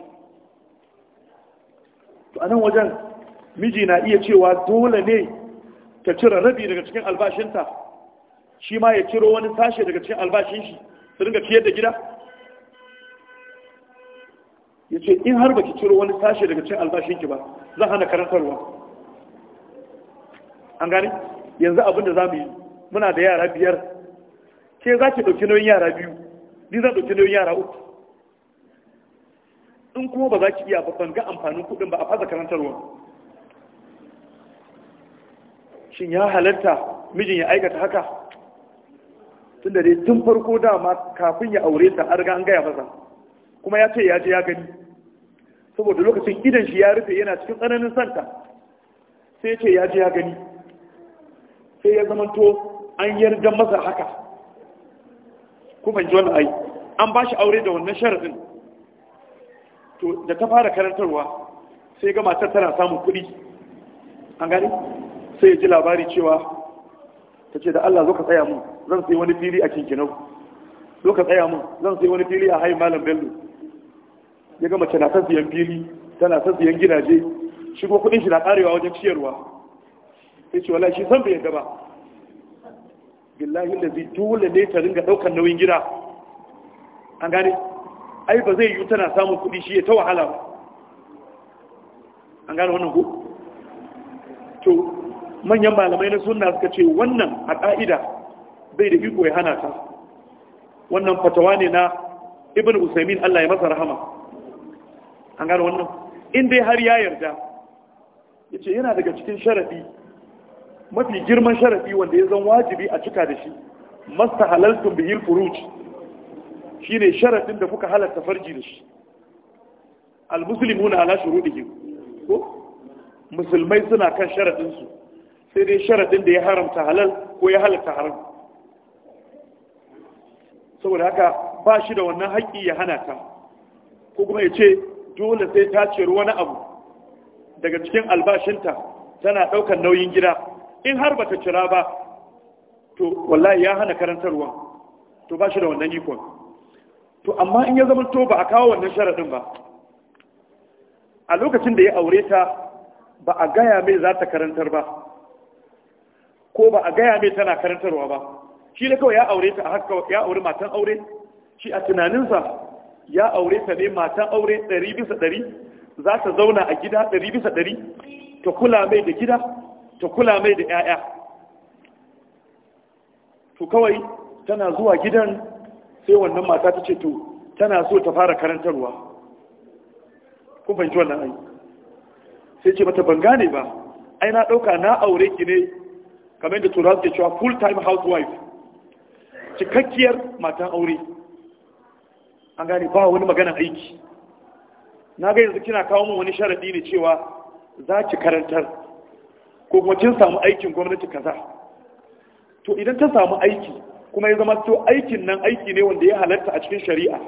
S2: to anan wajen miji na iya cewa dole ne ta cire rabi daga cikin albashinta shi ma ya ciro wani sashe daga cikin albashin shi su dinga ciyar da gida ya ce in har baki ciro wani sashe daga cikin albashinki ba zan hana karantarwa an gani? yanzu abinda za mu yi muna da yara biyar ke za ki ɗauki nauyin yara biyu ni zan ɗauki nauyin yara uku in kuma ba za ki iya babban ga amfanin kuɗin ba a fasa karantarwa shin ya halarta mijin ya aikata haka tun da dai tun farko dama kafin ya aure ta arga an gaya masa kuma ya ce ya ji ya gani saboda lokacin idan shi ya rufe yana cikin tsananin santa sai ce ya ji ya gani sai ya zamanto an yarda masa haka kuma ji wani ai an ba shi aure da wannan sharaɗin to da ta fara karantarwa sai ga matar tana samun kuɗi an gani sai ya ji labari cewa ta ce da Allah zo ka tsaya mun zan sai wani fili a kinkinau zo ka tsaya mun zan sai wani fili a hayin malam bello ya ga mace na ta siyan fili tana ta siyan gidaje shigo kuɗin shi na karewa wajen ciyarwa sai ce wallahi shi san bai yadda ba billahi zai dole ne ta ringa ɗaukar nauyin gida an gane ai ba zai yi tana samun kuɗi shi ya ta wahala ba an gano wannan ku to manyan malamai na suna suka ce wannan a ƙa'ida bai da iko ya hana ta wannan fatawa ne na ibn usaimin allah ya masa rahama an gano wannan in dai har ya yarda ya ce yana daga cikin sharafi mafi girman sharafi wanda ya zan wajibi a cika da shi masta halaltun bihir furuci shine sharadin da kuka halarta farji da shi almuslimuna ala shurudihim ko musulmai suna kan sharadin sai dai sharadin da ya haramta halal ko ya halarta haram saboda haka ba shi da wannan haƙƙi ya hana ta ko kuma ya ce dole sai ta ciyar wani abu daga cikin albashinta tana ɗaukar nauyin gida in har bata cira ba to wallahi ya hana karantarwa to ba shi da wannan ikon to amma in ya zama to ba a kawo wannan sharaɗin ba a lokacin da ya aure ta ba a gaya mai za ta karantar ba ko ba a gaya mai tana karantarwa ba shi da kawai ya aure ta a haka ya aure matan aure shi a tunaninsa ya aure ta ne matan aure ɗari bisa ɗari za ta zauna a gida ɗari bisa ɗari ta kula mai da gida ta kula mai da 'ya'ya to kawai tana zuwa gidan sai wannan mata ta ce to tana so ta fara karantarwa kun fahimci wannan ai sai ce mata ban gane ba ai na ɗauka na aure ki ne kamar da turawa ke cewa full time housewife cikakkiyar matan aure an gane ba wani magana aiki na ga yanzu kina kawo min wani sharadi ne cewa za ki karantar ko kuma kin samu aikin gwamnati kaza to idan ta samu aiki kuma ya zama to aikin nan aiki ne wanda ya halatta a cikin shari'a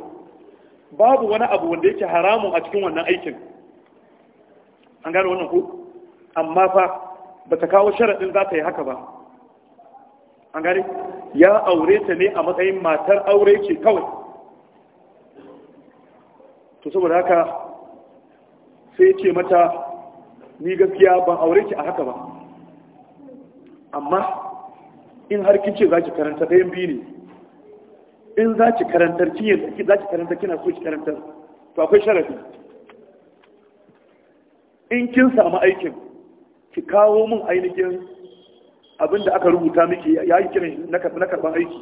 S2: babu wani abu wanda yake haramun a cikin wannan aikin an gane wannan ku. amma fa ba ta kawo sharaɗin za ta yi haka ba an gane ya aure ta ne a matsayin matar aure ce kawai to saboda haka sai ce mata ni gaskiya ban aure ki a haka ba amma in har kin ce za ki karanta ɗayan biyu ne in za ki karantar kin yanzu, za ki karanta kina so ki karantar to akwai sharafi in kin samu aikin ki kawo min ainihin abin da aka rubuta miki ya yi kiran na karban aiki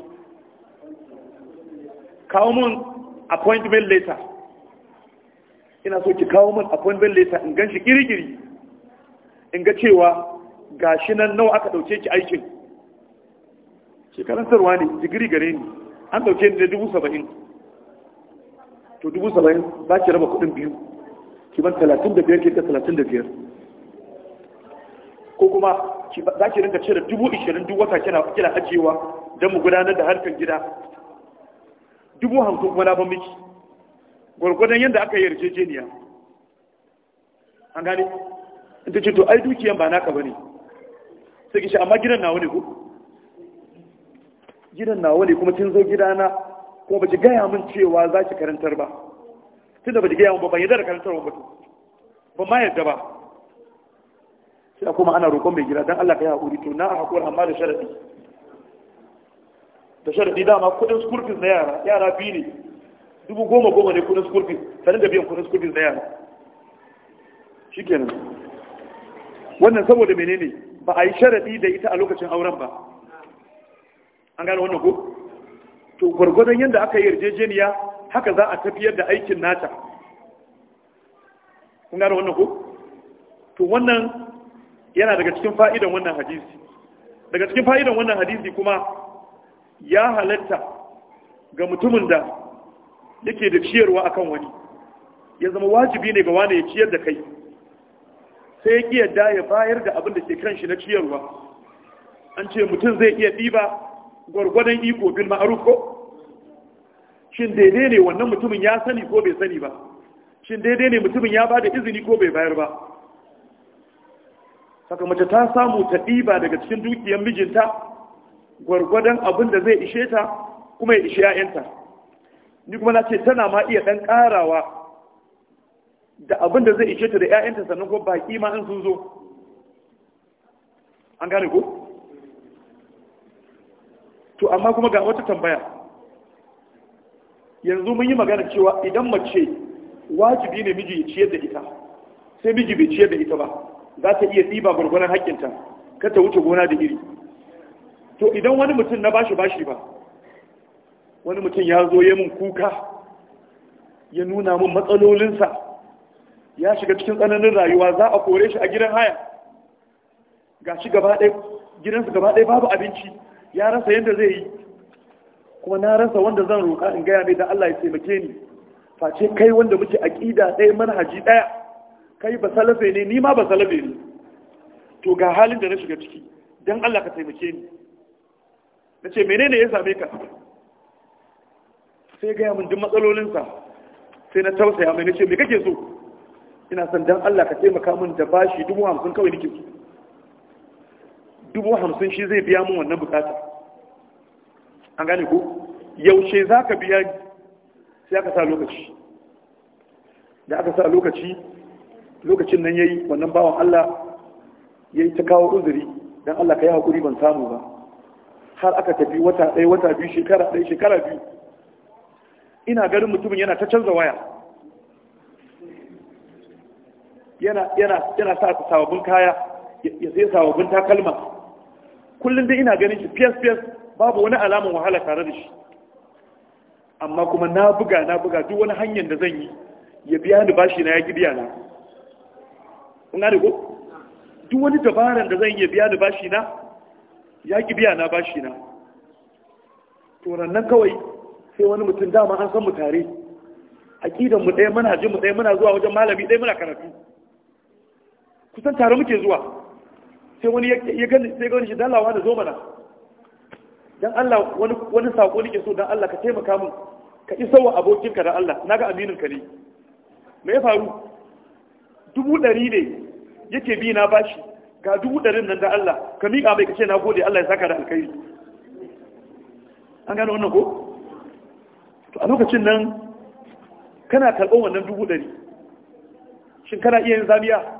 S2: kawo min appointment letter ina so ki kawo min appointment letter in gan shi girgiri in ga cewa gashi nan nawa aka dauke ki aikin shekarantarwa ne digiri gare ni an dauke ni da dubu saba'in to dubu saba'in ba ki raba kudin biyu ki ban talatin da biyar ke ta talatin da biyar ko kuma za ki rinka cire dubu ishirin duk wata kina kina ajiyewa don mu gudanar da harkar gida dubu hamsin kuma na ban miki gwargwadon yadda aka yi yarjejeniya an gane in ta ce to ai dukiyan ba naka ba ne sai ki shi amma gidan nawa ne ko gidan nawa ne kuma kin zo gidana kuma ba gaya min cewa za ki karantar ba tunda ba ki gaya min ba ban yadda da karantarwa ba ba ma yadda ba sai kuma ana roƙon mai gida don Allah ka yi haƙuri to na haƙuri amma da sharaɗi da sharaɗi dama kudin school fees na yara yara biyu ne dubu goma goma ne kudin school fees sanin da biyan kudin school fees na yara shikenan wannan saboda menene ba a yi sharaɗi da ita a lokacin auren ba an gane wannan ko to gwargwadon yadda aka yi yarjejeniya haka za a tafiyar da aikin nata kun gane wannan ko to wannan yana daga cikin fa'idan wannan hadisi daga cikin fa'idan wannan hadisi kuma ya halatta ga mutumin da yake da ciyarwa akan wani ya zama wajibi ne ga wani ya ciyar da kai sai ya da ya bayar da abin da ke kan shi na ciyarwa an ce mutum zai iya ɗiba gwargwadon iko bil ma'aruf ko shin daidai ne wannan mutumin ya sani ko bai sani ba shin daidai ne mutumin ya bada izini ko bai bayar ba saka mace ta samu ta ɗiba daga cikin dukiyar mijinta gwargwadon abin da zai ishe ta kuma ya ishe 'ya'yanta ni kuma na ce tana ma iya ɗan ƙarawa da abin da zai ishe ta da 'ya'yanta sannan ko baki ma in sun zo an gane ko to amma kuma ga wata tambaya yanzu mun yi magana cewa idan mace wajibi ne miji ya ciyar da ita sai miji bai ciyar da ita ba za ta iya tsiba gwargwaron haƙƙinta ka ta wuce gona da iri to idan wani mutum na bashi bashi ba wani mutum ya zo ya mun kuka ya nuna mun matsalolinsa ya shiga cikin tsananin rayuwa za a kore shi a gidan haya ga shi gaba ɗaya gidansu gaba ɗaya babu abinci ya rasa yadda zai yi kuma na rasa wanda zan roƙa in gaya mai da Allah ya taimake ni face kai wanda muke aƙida ɗaya manhaji ɗaya kai ba salafe ne ni ma ba salafe ne to ga halin da na shiga ciki don Allah ka taimake ni na ce menene ya same ka sai gaya min duk matsalolinsa sai na tausaya mai na ce me kake so ina son don Allah ka taimaka min da bashi dubu hamsin kawai nake so dubu hamsin shi zai biya mun wannan bukata an gane ko yaushe za ka biya sai aka sa lokaci da aka sa lokaci lokacin nan ya yi wannan bawan Allah ya yi ta kawo uzuri don Allah ka yi haƙuri ban samu ba har aka tafi wata ɗaya wata biyu shekara ɗaya shekara biyu ina ganin mutumin yana ta canza waya yana sa sababbin kaya ya sai sababbin takalma kullum dai ina ganin shi fiyas fiyas babu wani alaman wahala tare da shi amma kuma na buga na buga duk wani hanyar da zan yi ya biya ni bashi na ya gidiya biya na ina da ko duk wani dabaran da zan yi ya biya ni bashi na ya gidiya biya na bashi na to kawai sai wani mutum dama an san mu tare aqidan mu ɗaya jin mu ɗaya muna zuwa wajen malami ɗaya muna karatu kusan tare muke zuwa sai wani ya gani sai gani shi dallawa da zo mana dan Allah wani wani sako nake so dan Allah ka taimaka min ka iso wa abokin ka da Allah naga aminin ka ne me ya faru dubu ɗari ne yake bi na bashi ga dubu ɗarin nan da Allah ka miƙa mai kace na gode Allah ya saka da alkhairi an gano wannan ko to a lokacin nan kana karɓar wannan dubu ɗari shin kana iya yin zamiya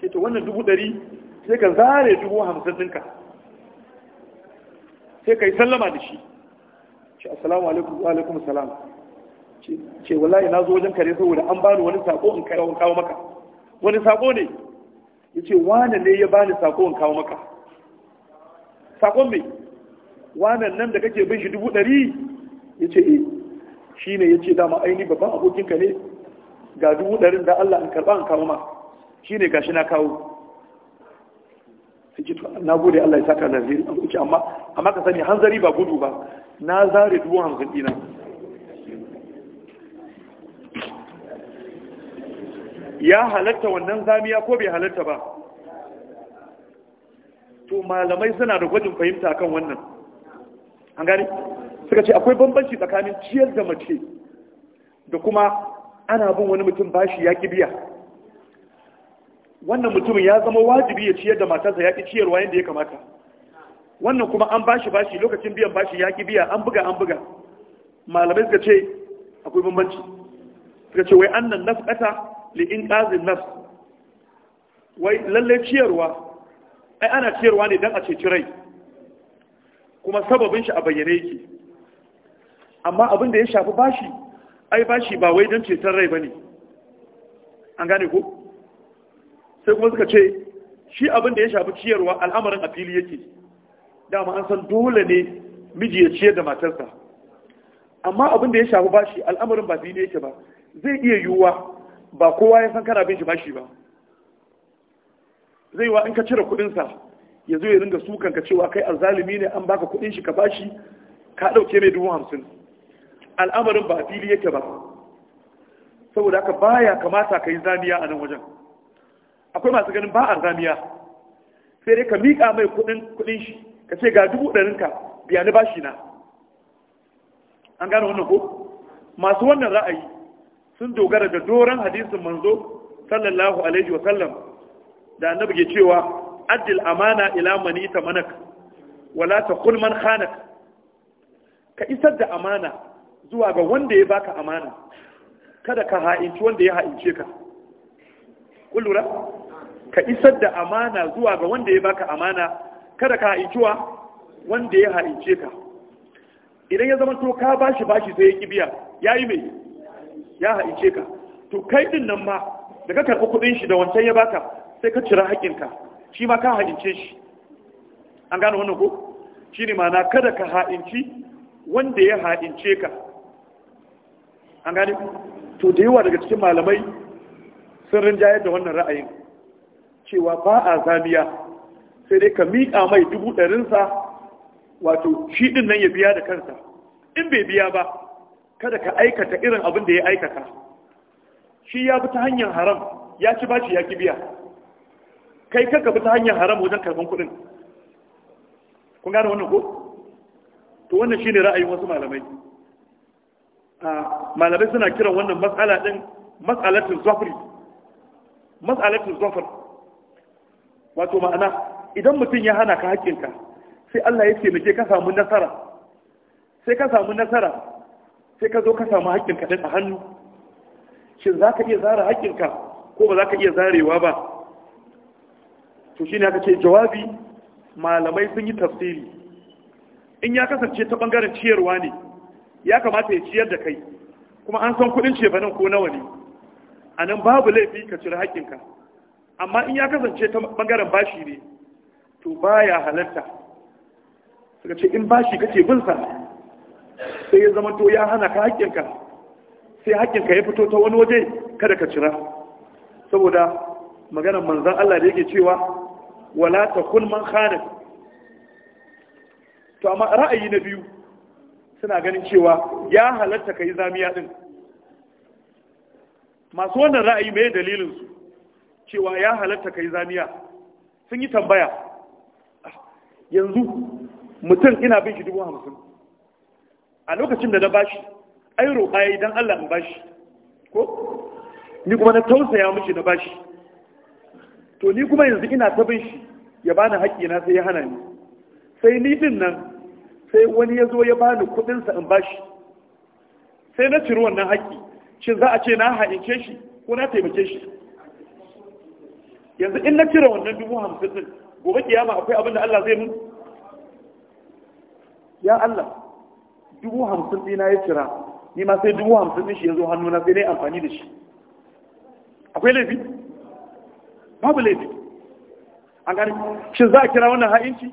S2: Sai to wannan dubu ɗari sai ka zare dubu hamsin ɗinka sai ka yi sallama da shi ce assalamu alaikum wa alaikum salam ce wallahi na zo wajen kare saboda an bani wani sako in kawo kawo maka wani sako ne ya ce wane ne ya bani sako in kawo maka sakon me wanan nan da kake bin shi dubu ɗari ya ce eh shi ne ya ce dama aini babban abokinka ne ga dubu ɗarin da Allah in karɓa in kawo maka shi ne gashi na kawo sai na gode Allah ya saka nazari a kuce amma amma ka sani hanzari ba gudu ba na zare duwan hanzari dina ya halatta wannan zamiya ko bai halatta ba to malamai suna da gwajin fahimta kan wannan an gani suka ce akwai bambanci tsakanin ciyar da mace da kuma ana bin wani mutum bashi ya biya wannan mutumin ya zama wajibi ya ciyar da matarsa ya ki ciyarwa yadda ya kamata wannan kuma an bashi bashi lokacin biyan bashi ya ki biya an buga an buga malamai suka ce akwai bambanci suka ce wai an annan ƙasa li inqazin nafs wai lallai ciyarwa ai ana ciyarwa ne don a ceci rai kuma sababin shi a bayyane yake amma abin da ya shafi bashi ai bashi ba wai dan ceton rai ba ne, an gane ko sai kuma suka ce shi abin da ya shafi ciyarwa al'amarin a fili yake dama an san dole ne miji ya ciyar da matarsa amma abin da ya shafi bashi al'amarin ba fili yake ba zai iya yiwuwa ba kowa ya san kana bin shi bashi ba zai wa in ka cire kudinsa ya zo ya ringa sukan ka cewa kai azzalumi ne an baka kudin shi ka bashi ka dauke mai dubu hamsin al'amarin ba fili yake ba saboda haka baya kamata ka yi zaniya a nan wajen akwai masu ganin ba a zamiya sai dai ka miƙa mai kuɗin shi ka ce ga dubu ɗarinka biya ni bashi na an gane wannan ko masu wannan ra'ayi sun dogara da doron hadisin manzo sallallahu alaihi wasallam da annabi ke cewa addil amana ila mani ta manak wala ta kulman khanak ka isar da amana zuwa ga wanda ya baka amana kada ka ha'inci wanda ya ha'ince ka kun lura ka isar da amana zuwa ga wanda ya baka amana kada ka haicuwa wanda ya haice ka idan ya zama to ka bashi bashi sai ya kibiya ya yi mai ya haice ka to kai din nan ma da ka karɓi kuɗin shi da wancan ya baka sai ka cira haƙinka shi ma ka haince shi an gane wannan ko shi ne mana kada ka ha'ince wanda ya ha'ince ka an gane to da yawa daga cikin malamai sun rinjayar da wannan ra'ayin cewa ba a zamiya sai dai ka miƙa mai dubu ɗarinsa wato shi ɗin nan ya biya da kansa in bai biya ba kada ka aikata irin abin da ya aikata shi ya bi ta hanyar haram ya ci bashi ya ki biya kai kanka bi ta hanyar haram wajen karɓar kuɗin kun gane wannan ko to wannan shi ne ra'ayin wasu malamai ah, malamai suna kiran wannan matsala ɗin matsalatin zafri mas'alatu zafar wato ma'ana idan mutum ya hana ka haƙƙinka sai Allah ya taimake ka samu nasara sai ka samu nasara sai ka zo ka samu haƙƙinka ɗin a hannu shin za ka iya zara haƙƙinka ko ba za ka iya zarewa ba to shi ne aka ce jawabi malamai sun yi tafsiri in ya kasance ta ɓangaren ciyarwa ne ya kamata ya ciyar da kai kuma an san kuɗin nan ko nawa ne a nan babu laifi ka cire haƙƙinka amma in ya kasance ta ɓangaren bashi ne to baya halarta suka ce in bashi kake binsa sai ya zama to ya hana ka haƙƙinka sai haƙƙinka ya fito ta wani waje kada ka cira saboda maganar manzan Allah da yake cewa wala ta kun man khana to amma ra'ayi na biyu suna ganin cewa ya halarta ka yi zamiya din masu wannan ra'ayi mai su cewa ya halatta kai zaniya sun yi tambaya yanzu mutum ina bin shi dubu hamsin a lokacin da na bashi ai roƙa ya don allah in bashi ko ni kuma na tausaya miki na bashi to ni kuma yanzu ina ta bin shi ya bani haƙƙi na sai ya hana ni sai ni din nan sai wani ya zo ya bani kuɗinsa in bashi sai na ciri wannan haƙƙi shin za a ce na haɗinke shi ko na taimake shi yanzu in na cire wannan dubu hamsin ɗin gobe kiyama akwai abin da Allah zai mun ya Allah dubu hamsin ɗina ya cira ni ma sai dubu hamsin din shi yanzu hannu na sai na yi amfani da shi akwai laifi babu laifi an gani shi za a kira wannan ha'inci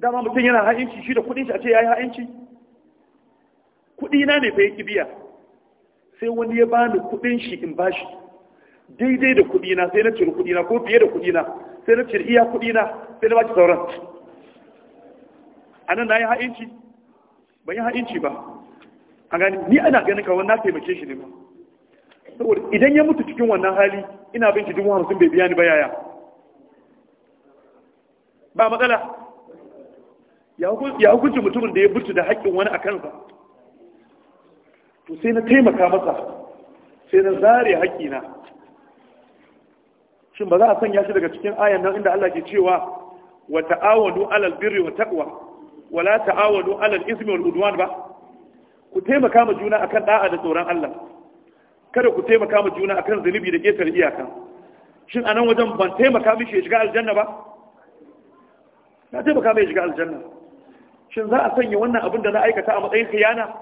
S2: dama mutum yana ha'inci shi da kudin shi a ce ya yi ha'inci Kuɗina ne fa yake biya sai wani ya bani kudin shi in bashi daidai da kudina sai na cire kudina ko fiye da kudina sai na cire iya kudina sai na baki sauran anan na yi ha'inci ban yi ha'inci ba a gani ni ana ganin kawai na taimake shi ne ba saboda idan ya mutu cikin wannan hali ina binci shi dubu hamsin bai biya ni ba yaya ba matsala ya hukunci mutumin da ya butu da haƙƙin wani a kansa to sai na taimaka masa sai na zare haƙƙina shin ba za a sanya shi daga cikin ayan nan inda Allah ke cewa wa ta'awanu alal birri wa taqwa wa la alal ismi wal udwan ba ku taimaka ma juna akan da'a da tsoron Allah kada ku taimaka ma juna akan zunubi da ƙetare iyaka shin anan wajen ban taimaka mishi ya shiga aljanna ba na taimaka mai shiga aljanna shin za a sanya wannan abin da na aikata a matsayin khiyana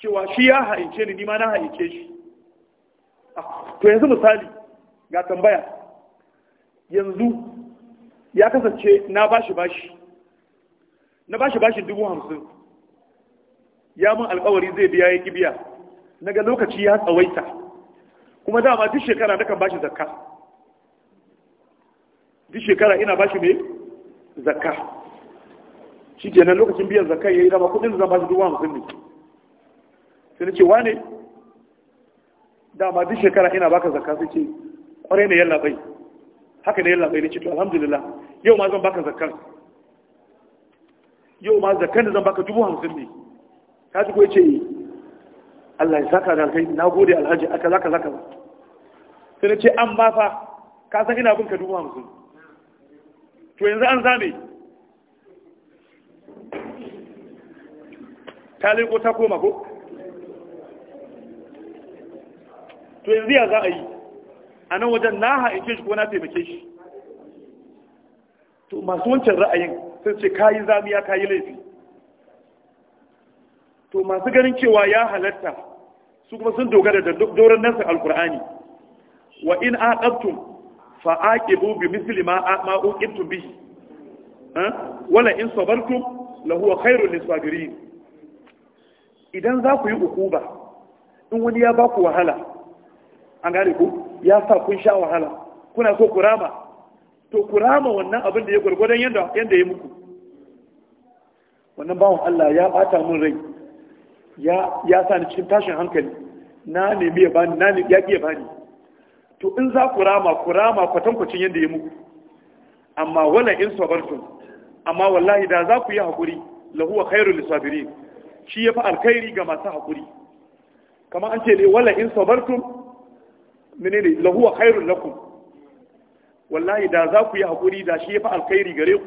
S2: cewa shi ya haice ni nima na haice shi ah, to yanzu misali ga tambaya yanzu ya kasance na bashi bashi na bashi bashi dubu hamsin ya mun alkawari zai biya ya biya na ga lokaci ya tsawaita kuma dama duk shekara na kan bashi zakka duk shekara ina bashi mai zakka shi ke nan lokacin biyan zakka ya yi dama kudin zan bashi dubu hamsin ne sai ce wane dama duk shekara ina baka zakka sai ce kwarai ne yalla bai haka ne yalla bai ne ce to alhamdulillah yau ma zan baka zakkar yau ma zakkar da zan baka dubu hamsin ne ka ji ko ce eh. Allah ya saka da alkhairi na gode alhaji aka zaka zaka sai na ce an ba fa ka san ina bin ka dubu hamsin to yanzu an zame ta leko ta koma ko to yanzu ya za a yi a nan wajen na haike shi ko na taimake shi to masu wancan ra'ayin sun ce kayi zamiya kayi laifi to masu ganin cewa ya halatta su kuma sun dogara da doron nasa alkur'ani wa in aqabtum fa aqibu bi misli ma ma uqibtum bihi eh? wala in sabartum la khairul lisabirin idan za ku yi ukuba in wani ya baku wahala an gane ku ya sa kun sha wahala kuna so ku rama to ku rama wannan abin da ya gwargwadon yadda yadda ya muku wannan bawon Allah ya bata min rai ya ya sa ni cikin tashin hankali na nemi ya bani na ya ki ya bani to in za ku rama ku rama kwatankwacin yadda ya muku amma wala in sabartum amma wallahi da za ku yi hakuri lahuwa khairu lisabirin shi yafi alkhairi ga masu hakuri kamar an ce ne wala in sabartum menene wa khairun lakum wallahi da za ku yi hakuri da shi fi alkhairi gare ku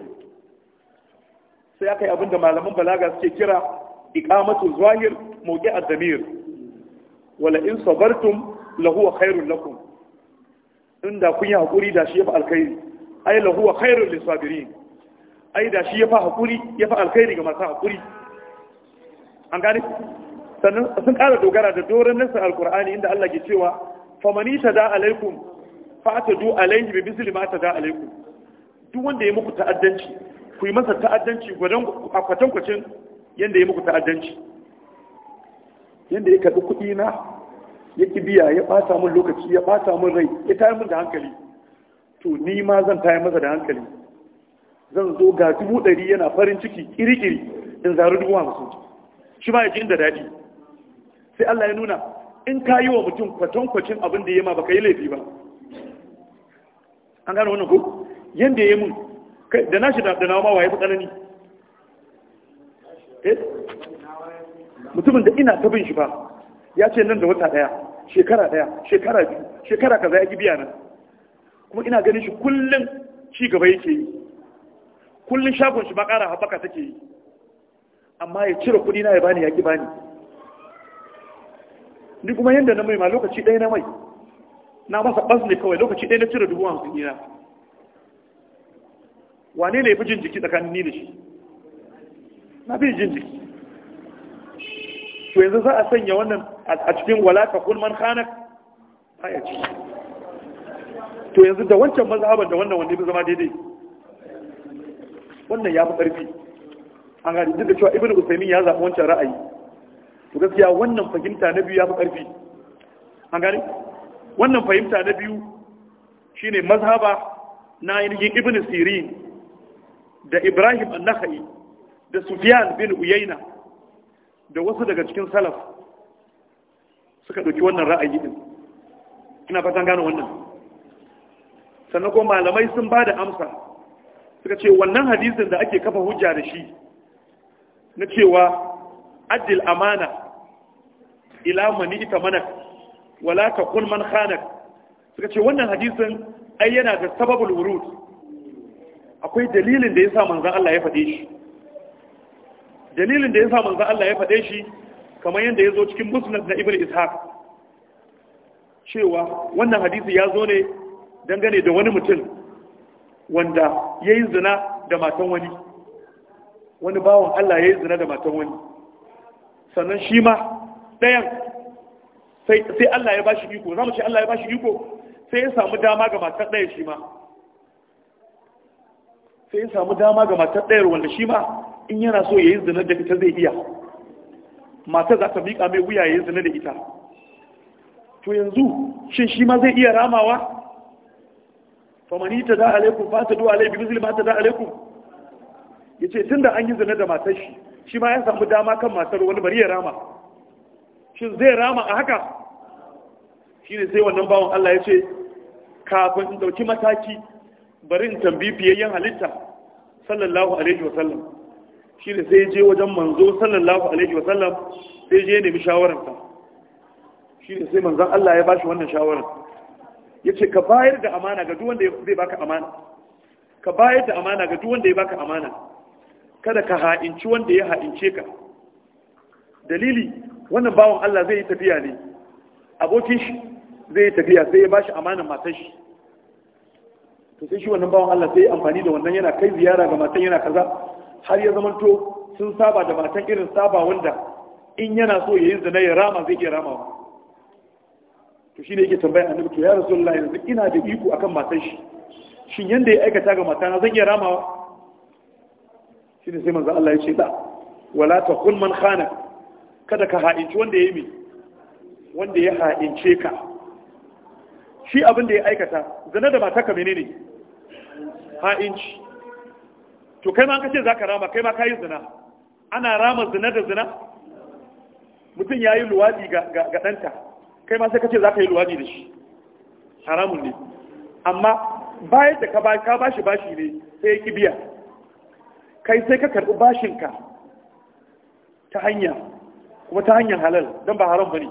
S2: sai aka yi abinda malaman balaga suke kira iqamatu zahir mawdi' ad-damir wala in sabartum lahuwa khairun lakum inda kun yi hakuri da shi fi alkhairi ai wa khairun lisabirin ai da shi yafi hakuri yafi alkhairi ga masu hakuri an gane sannan sun ƙara dogara da doron nasar alkur'ani inda Allah ke cewa famani ta da alaikum fa du alaihi bi bisli ma ta da alaikum duk wanda ya muku ta'addanci ku yi masa ta'addanci gwadon a kwacin yanda ya muku ta'addanci yanda ya karɓi kuɗi na ya kibiya ya ɓata min lokaci ya ɓata min rai ya tayar min da hankali to ni ma zan tayar masa da hankali zan zo ga dubu ɗari yana farin ciki ƙiri-ƙiri in zaru dubu hamsin shi ma ya ji inda daɗi sai Allah ya nuna in ka yi wa mutum kwatankwacin abin da ya ma baka yi laifi ba an gano wannan ko yadda ya yi mun da na shi da nawa mawa ya fi tsanani eh? mutumin da ina ta bin shi ba ya ce nan da wata daya shekara daya shekara biyu shekara kaza ya biya nan kuma ina ganin shi kullum ci gaba yake yi kullum shagon shi ma kara haɓaka take yi amma ya cire kuɗi na ya bani ya ki bani ni kuma yadda na mai ma lokaci ɗaya na mai na masa ɓas ne kawai lokaci ɗaya na cire dubu hamsin nina wane ne ya fi jin jiki tsakanin ni da shi na fi jin jiki to yanzu za a sanya wannan a cikin walaka kulman khanak aya ce to yanzu da wancan mazhaban da wannan wanda ya zama daidai wannan ya fi ƙarfi an gani duk da cewa Ibn usaimin ya zaɓi wancan ra'ayi to gaskiya wannan fahimta na biyu ya fi ƙarfi an gani wannan fahimta na biyu shine mazhaba na ainihin ibn sirin da ibrahim an-nakhai da sufyan bin uyayna da wasu daga cikin salaf suka ɗauki wannan ra'ayi din ina fatan gane wannan sannan ko malamai sun ba da amsa suka ce wannan hadisin da ake kafa hujja da shi na cewa addil amana ila mani ita manak wala ka kun man khanak suka ce wannan hadisin ai yana da sababul wurud akwai dalilin da yasa manzon Allah ya faɗe shi dalilin da yasa manzon Allah ya fade shi kamar yadda ya zo cikin musnad na ibn ishaq cewa wannan hadisi ya zo ne dangane da wani mutum wanda ya yi zina da matan wani wani bawan Allah ya yi zina da matan wani sannan shi ma ɗayan sai Allah ya bashi iko za mu ce Allah ya shi iko sai ya samu dama ga matar ɗaya shi ma sai ya samu dama ga matar ɗayar wanda shi ma in yana so ya yi zinar da ita zai iya matar za ta miƙa mai wuya ya yi zinar da ita to yanzu shin shi ma zai iya ramawa famani ta da alaikum fa ta duwa alaikum ta da alaikum ya ce tun da an yi zinar da matar shi shi ma ya samu dama kan matar wani bari ya rama shin zai rama a haka shi ne sai wannan bawan Allah ya ce kafin in ɗauki mataki bari in tambi fiyayyen halitta sallallahu alaihi wa sallam shi ne sai je wajen manzo sallallahu alaihi wa sallam sai je nemi shawararsa shi ne sai manzon Allah ya bashi wannan shawarar ya ce ka bayar da amana ga duk wanda zai baka amana ka bayar da amana ga duk wanda ya baka amana kada ka ha'inci wanda ya ha'ince ka dalili wannan bawan Allah zai yi tafiya ne abokin shi zai yi tafiya sai ya ba shi amanin matan shi to sai shi wannan bawan Allah sai ya amfani da wannan yana kai ziyara ga matan yana kaza har ya to sun saba da matan irin saba wanda in yana so ya yi zina ya rama zai iya rama to shine yake tambaya annabi to ya rasulullahi yanzu ina da iko akan matan shi shin yanda ya aikata ga matana zan iya ramawa shi ne sai manzan Allah ya ce da wala ta kun man khana kada ka ha'inci wanda ya yi wanda ya ha'ince ka shi abin da ya aikata zane da mataka menene ha'inci to kai ma an kace zaka rama kai ma yi zina ana rama zina da zina mutum yayi luwadi ga ga danta kai ma sai kace zaka yi luwadi da shi haramun ne amma bayan da ka ba shi bashi bashi ne sai ya biya kai sai ka karɓi bashinka ta hanya kuma ta hanyar halal don ba haram ba ne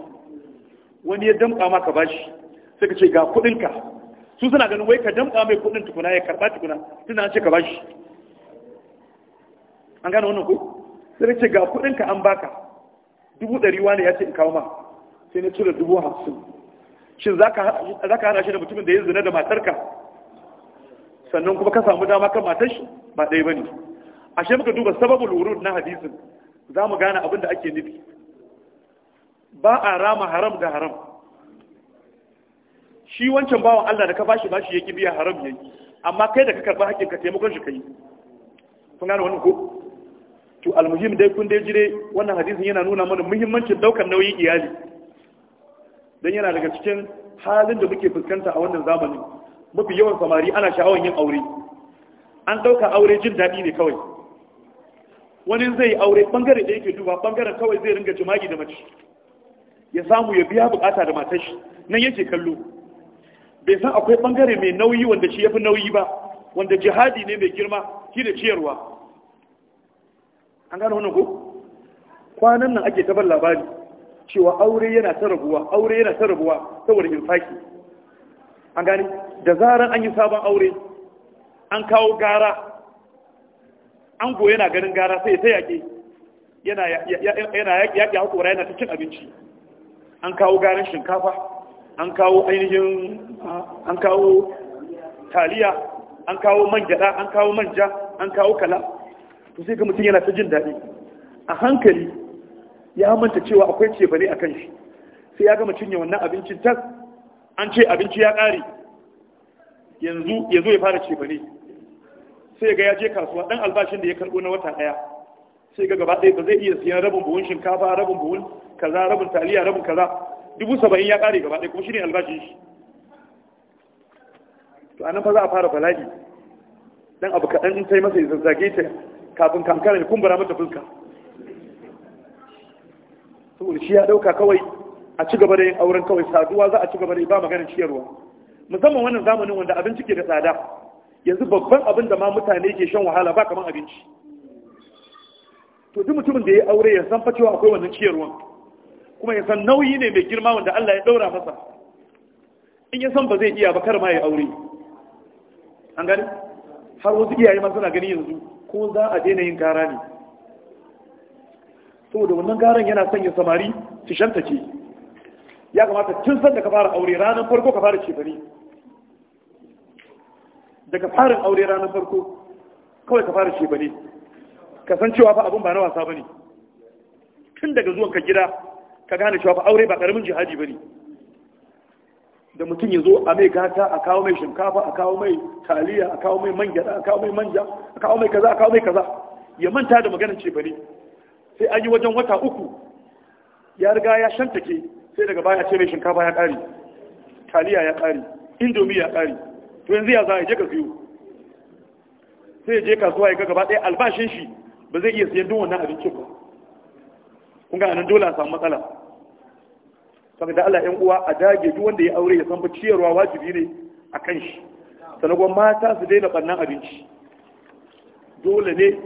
S2: wani ya damƙa maka bashi sai ka ce ga kuɗinka su suna ganin wai ka damƙa mai kuɗin tukuna ya karɓa tukuna suna an ce ka bashi an gane wannan ku sai ka ce ga kuɗinka an baka dubu ɗari wani ya ce in kawo ma sai na cire dubu hamsin shin za ka hana shi da mutumin da ya zina da matarka sannan kuma ka samu dama kan matar shi ba ɗaya ba ne ashe muka duba sababul wurud na hadisin za mu gane abin da ake nufi ba a rama haram da haram shi wancan bawan Allah da ka bashi bashi yake biya haram yayi amma kai da ka karba hakkin ka taimakon shi kai kun gane wannan ko to almuhim dai kun dai jire wannan hadisin yana nuna mana muhimmancin daukar nauyin iyali dan yana daga cikin halin da muke fuskanta a wannan zamanin mafi yawan samari ana sha'awar yin aure an dauka aure jin daɗi ne kawai wani zai aure bangare da yake duba bangaren kawai zai ringa jima'i da mace ya samu ya biya bukata da matar shi nan yake kallo bai san akwai bangare mai nauyi wanda shi yafi nauyi ba wanda jihadi ne mai girma shi da ciyarwa an gano wannan ko kwanan nan ake tabar labari cewa aure yana ta rabuwa aure yana ta rabuwa saboda infaki an gani da zaran an yi sabon aure an kawo gara ango yana ganin gara sai ya yaƙe yana yaƙi a haƙora yana cikin abinci an kawo garin shinkafa an kawo ainihin an kawo taliya an kawo man an kawo manja an kawo kala to sai ga mutum yana ta jin daɗi a hankali ya manta cewa akwai cefane a kan shi sai ya gama cinye wannan abincin tas an ce abinci ya ƙare yanzu ya fara ce fara cefane. sai ga ya je kasuwa dan albashin da ya karbo na wata daya sai ga gaba ɗaya ba zai iya siyan rabin buhun shinkafa rabin buhun kaza rabin taliya rabin kaza dubu saba'in ya ƙare gaba ɗaya kuma shi ne albashin shi to anan fa za a fara bala'i dan abu kaɗan in sai masa zazzage ta kafin kankara ne kumbura mata fuska saboda shi ya ɗauka kawai a ci gaba da yin auren kawai saduwa za a ci gaba da ba maganin ciyarwa musamman wannan zamanin wanda abinci ke da tsada yanzu babban abin da ma mutane ke shan wahala ba kamar abinci to duk mutumin da ya aure ya san facewa akwai wannan ciyarwan kuma ya san nauyi ne mai girma wanda Allah ya ɗaura masa in ya san ba zai iya ba kar ma ya aure an gani har wasu iyaye ma suna gani yanzu ko za a daina yin gara ne saboda wannan garan yana sanya samari su shanta ce ya kamata tun san da ka fara aure ranar farko ka fara cefari. daga farin aure ranar farko kawai ka fara shebe ne san fa abun ba na wasa ba ne. tun daga zuwan ka gida ka gane cewa fa aure ba karamin jihadi ne. da mutum ya zo a mai gata a kawo mai shinkafa a kawo mai taliya a kawo mai manja a kawo mai manja a kawo mai kaza a kawo mai kaza ya manta da maganar shebane sai an yi wajen wata uku ya riga ya shantake sai daga baya ce mai shinkafa ya kare taliya ya kare indomi ya kare to yanzu ya za a je ka siyo sai je kasuwa ya ga gaba ɗaya albashin shi ba zai iya siyan duk wannan abincin ba kun ga anan dole a samu matsala saboda Allah ɗan uwa a dage duk wanda ya aure ya san fa ciyarwa wajibi ne a kan shi sanagon mata su daina ɓannan abinci dole ne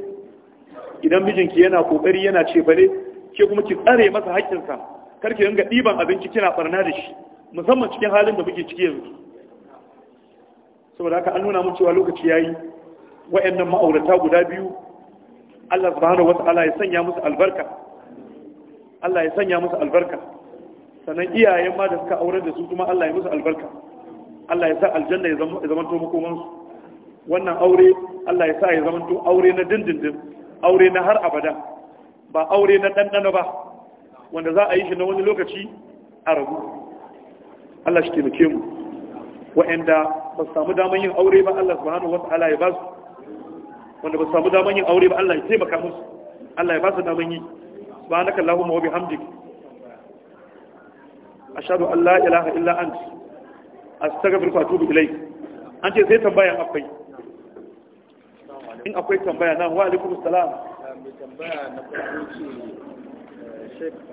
S2: idan mijinki yana kokari yana ce ne, ke kuma ki tsare masa haƙƙinsa karki dinga ɗiban abinci kina ɓarna da shi musamman cikin halin da muke ciki yanzu saboda haka an nuna mun cewa lokaci yayi wayannan ma'aurata guda biyu Allah subhanahu wata'ala ya sanya musu albarka Allah ya sanya musu albarka sannan iyayen ma da suka aurar da su kuma Allah ya musu albarka Allah ya sa aljanna ya zama to makoman su wannan aure Allah ya sa ya zama to aure na dindindin aure na har abada ba aure na dandana ba wanda za a yi shi na wani lokaci a rabu Allah shi taimake mu wa'anda ba su samu daman yin aure ba Allah subhanahu wata'ala ya ba su wanda ba su samu daman yin aure ba Allah ya taimaka musu Allah ya ba su daman yi subhanaka allahumma wa bihamdika ashhadu an la ilaha illa anta astaghfiruka wa atubu ilayk an ce sai tambaya akwai in akwai tambaya na wa alaikum assalam
S1: tambaya na farko ce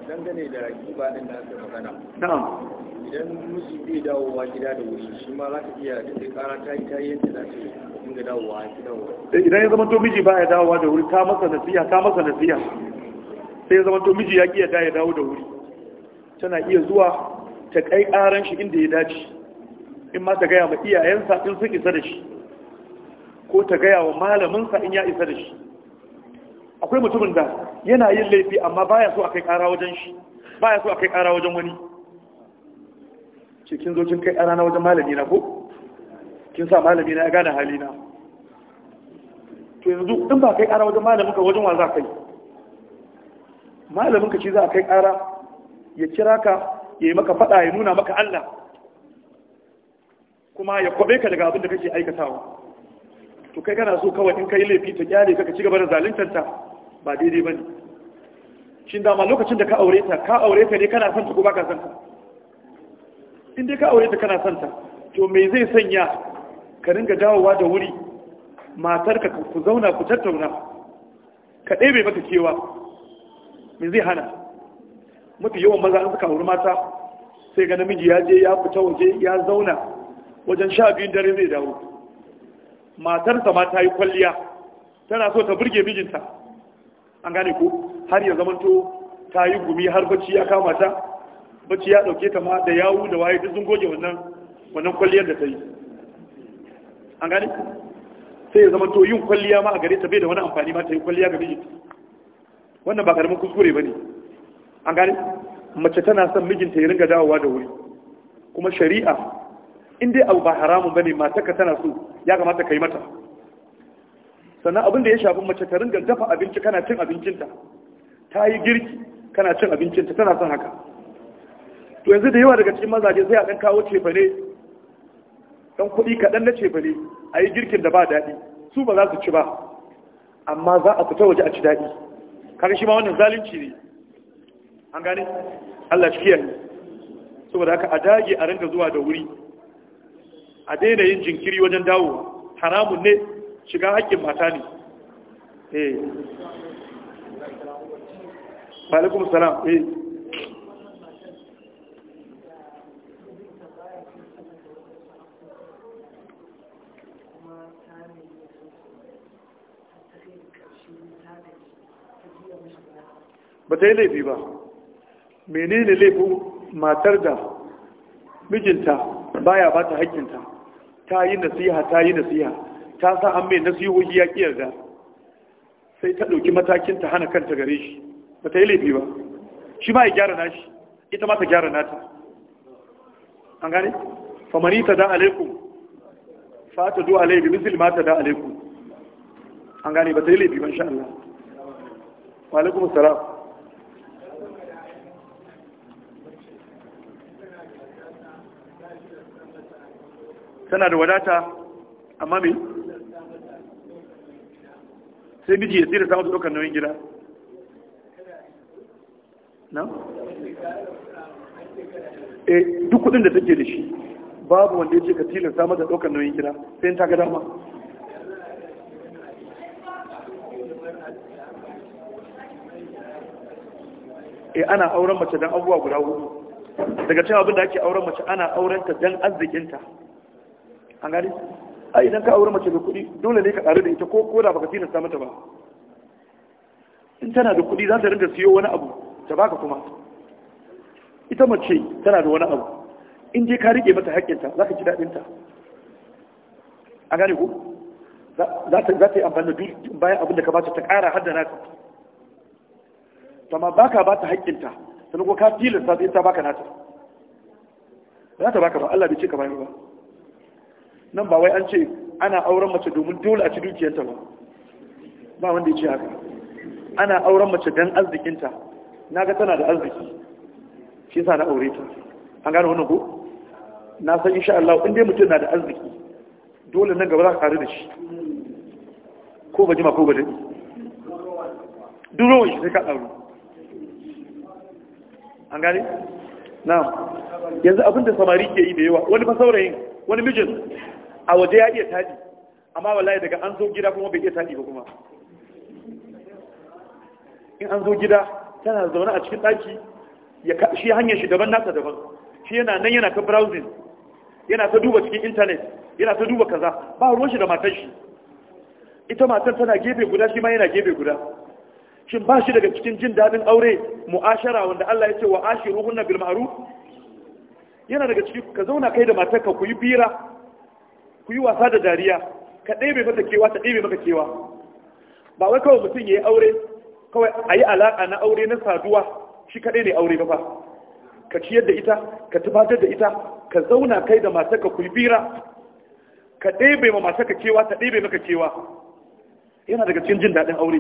S1: dangane da giba din da aka magana na'am idan miji bai dawowa gida da wuri shi ma za ka iya da sai kara ta yi ta yi yadda za ta dinga dawowa ki dawowa
S2: eh, idan ya zama to miji baya dawowa da wuri ta masa nasiha Ta masa nasiha sai ya zama to miji ya ki ya dawo da wuri tana iya zuwa ta kai karan shi inda ya dace in ma ta gaya ma iyayensa in sun isa da shi ko ta gaya wa malaminsa in ya isa da shi akwai mutumin da yana yin laifi amma baya so a kai ƙara wajen shi ya so a kai ƙara wajen wani cikin zo kin kai ƙara na wajen malami na ko kin sa malami na ya gane halina to yanzu in ba kai ƙara wajen malamin ka wajen wa za kai malamin ka ci za a kai ƙara ya kira ka ya yi maka faɗa ya nuna maka Allah kuma ya kwabe ka daga abin da kake aikatawa to kai kana so kawai in kai laifi ta kyale ka ci gaba da zaluntar ta ba daidai ba ne shi dama lokacin da ka aure ta ka aure ta ne kana son ta ko ba ka son ta in dai ka aure ta kana son ta to me zai sanya ka ringa dawowa da wuri matar ka, ku zauna ku tattauna ka ɗebe maka kewa me zai hana mafi yawan maza an suka auri mata sai ga namiji ya je ya fita waje ya zauna wajen sha biyun dare zai dawo matarsa ma ta yi kwalliya tana so ta burge mijinta an gane ko har ya zamanto ta yi gumi har bacci ya kama ta bacci ya dauke ta ma da yawu da waye duk sun goge wannan wannan kwalliyar da ta yi an gane sai ya zamanto yin kwalliya ma a gare ta bai da wani amfani ma ta yi kwalliya ga mijinta wannan ba karamin kuskure ba ne an gane mace tana son mijinta ya ringa dawowa da wuri kuma shari'a in dai abu ba haramun ba ne mataka tana so ya kamata ka yi mata sannan abin da ya shafi mace ta ringa dafa abinci kana cin abincinta ta yi girki kana cin abincinta tana son haka to yanzu da yawa daga cikin mazaje sai a ɗan kawo cefane ɗan kuɗi kaɗan na cefane a yi girkin da ba daɗi su ba za su ci ba amma za a fita waje a ci daɗi kan shi ma wannan zalunci ne an gane Allah shi kiyaye saboda haka a dage a ringa zuwa da wuri a daina yin jinkiri wajen dawo haramun ne shiga haƙƙin mata ne eh alaikum salam eh ba ta yi laifi ba menene laifin matar da mijinta baya ba ta haƙƙinta ta yi nasiha ta yi nasiha ta sa an mai nasihohi ya ƙi yarda sai ta ɗauki matakin ta hana kanta gare shi ba ta yi laifi ba shi ma ya gyara nashi ita ma ta gyara nata an gane famani ta da alaikum fa ta do alai misil ma ta da alaikum an gane ba ta yi laifi ba insha Allah wa alaikum assalam tana da wadata amma me sai miji ya tsira samun ɗaukar nauyin gida na? e duk kudin da take da shi babu wanda ya ce ka tilin samun da ɗaukar nauyin gida sai ta ga dama e ana auren mace don abuwa guda hudu daga cewa abin da ake auren mace ana auren ta don arzikinta an gani a idan ka aure mace da kuɗi dole ne ka ƙaru da ita ko da baka tilasta mata ba in tana da kuɗi za ta rinka siyo wani abu ta baka kuma ita mace tana da wani abu in je ka rike mata haƙƙinta za ka ji daɗinta a gane ku za ta yi amfani da duk bayan abin da ka bata ta ƙara haddana naka amma ba bata haƙƙinta sannan ko ka tilasta ta baka nata za ta baka ba Allah bai ce ka bayar ba nan ba wai an ce ana auren mace domin dole a ci dukiyarta ba ba wanda ya ce haka ana auren mace don arzikinta na ga tana da arziki shi sa na aure ta an gane wannan ko na san insha Allah in dai mutum na da arziki dole nan gaba za ka karu da shi ko ba jima ko ba dadi duro shi sai ka dauro an gane na yanzu abin da samari ke yi da yawa wani fa saurayin wani mijin a waje ya iya taɗi amma wallahi daga an zo gida kuma bai iya taɗi ba kuma in an zo gida tana zaune a cikin ɗaki ya shi hanyar shi daban nasa daban shi yana nan yana ta browsing yana ta duba cikin intanet yana ta duba kaza ba ruwan shi da matan shi ita matan tana gefe guda shi ma yana gefe guda shin ba shi daga cikin jin daɗin aure mu'ashara wanda Allah ya ce wa ashiru hunna bil ma'ruf yana daga ciki ka zauna kai da matarka ku yi bira ku yi wasa da dariya ka ɗebe mata kewa ta ɗebe maka kewa ba wai kawai mutum ya yi aure kawai a yi alaƙa na aure na saduwa shi kaɗai ne aure ba ka ciyar da ita ka tufatar da ita ka zauna kai da matarka ku yi bira ka ɗebe ma matarka kewa ta ɗebe maka kewa yana daga cikin jin daɗin aure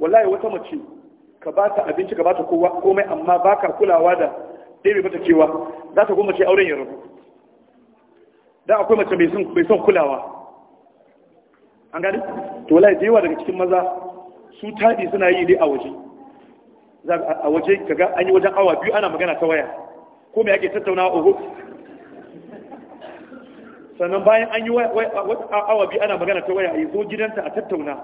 S2: wallahi wata mace ka ba ta abinci ka ba ta komai amma ba ka kulawa da ɗaya mata cewa za ta goma ce auren ya rabu da akwai mace mai son kulawa an gani to wallahi da yawa daga cikin maza su taɗi suna yi ne a waje a waje kaga an yi wajen awa biyu ana magana ta waya ko me ake tattaunawa oho sannan bayan an yi awa biyu ana magana ta waya a yi zo gidanta a tattauna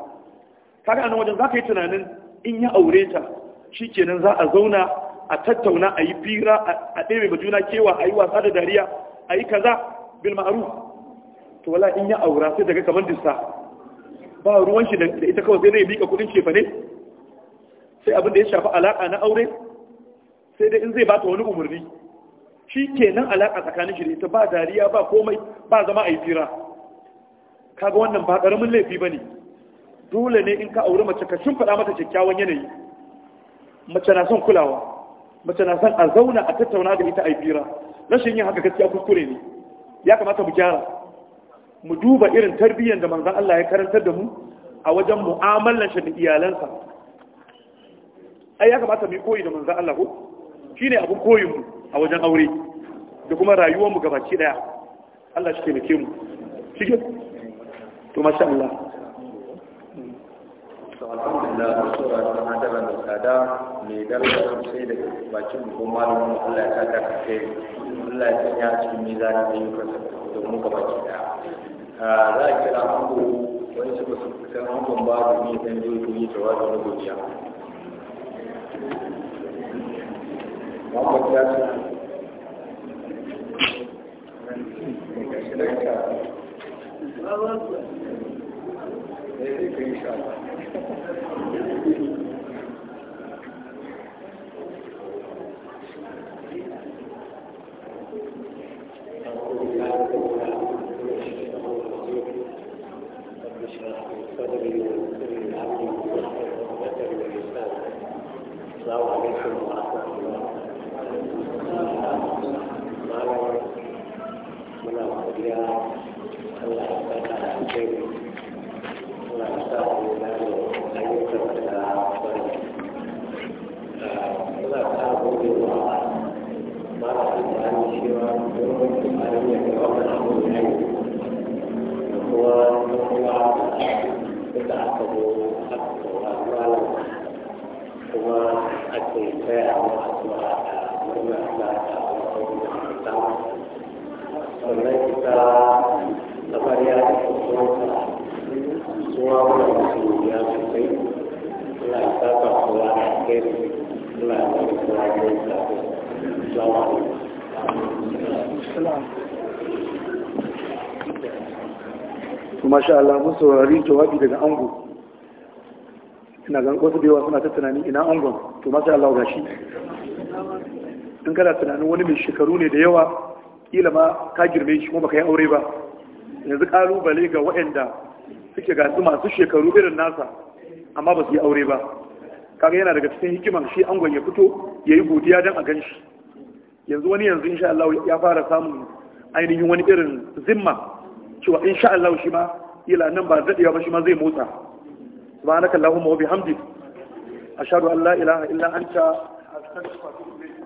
S2: kaga ga nan wajen za ka yi tunanin in ya aure ta shi kenan za a zauna a tattauna a yi fira a mai juna kewa a yi wasa da dariya a yi kaza bil ma'aru to wala in ya aura sai daga kamar dissa ba ruwan shi da ita kawai sai dai mika kudin shefa ne sai abin da ya shafi alaka na aure sai dai in zai bata wani umarni shi kenan alaka tsakanin shi da ita ba dariya ba komai ba zama a yi fira kaga wannan ba karamin laifi ba ne dole ne in ka aure mace ka shimfiɗa mata kyakkyawan yanayi mace na son kulawa mace na san a zauna a tattauna da ita a fira rashin yin haka gaskiya kuskure ne ya kamata mu gyara mu duba irin tarbiyyar da manzon Allah ya karantar da mu a wajen mu'amalar shi da iyalansa ai ya kamata mu koyi da manzon Allah ko shine abin koyin mu a wajen aure da kuma rayuwar mu gabaki daya Allah shi taimake mu shige to masha Allah
S1: to alhamdulillah fada mai daraja sai da bakin mu ko malamin mu Allah ya saka ka kai Allah ya sanya a cikin mizanin ayyukan sa da mu ga baki da za a kira ango wani su basu san angon ba da ni dan je ku yi jawabi na godiya Muhammad ya ce
S2: insha Allah mun saurari jawabi daga ango ina ga wasu da yawa suna ta tunani ina angon to masha Allah gashi in kana tunanin wani mai shekaru ne da yawa kila ma ka girme shi kuma baka yi aure ba yanzu kalubale ga waɗanda suke gasu masu shekaru irin nasa amma ba su yi aure ba kaga yana daga cikin hikiman shi angon ya fito ya yi godiya don a gan shi yanzu wani yanzu insha Allah ya fara samun ainihin wani irin zimma cewa insha Allah shi ma kila nan ba zai ba shi ma zai motsa subhanakallahumma wa bihamdika ashhadu an la ilaha illa anta astaghfiruka wa atubu ilayk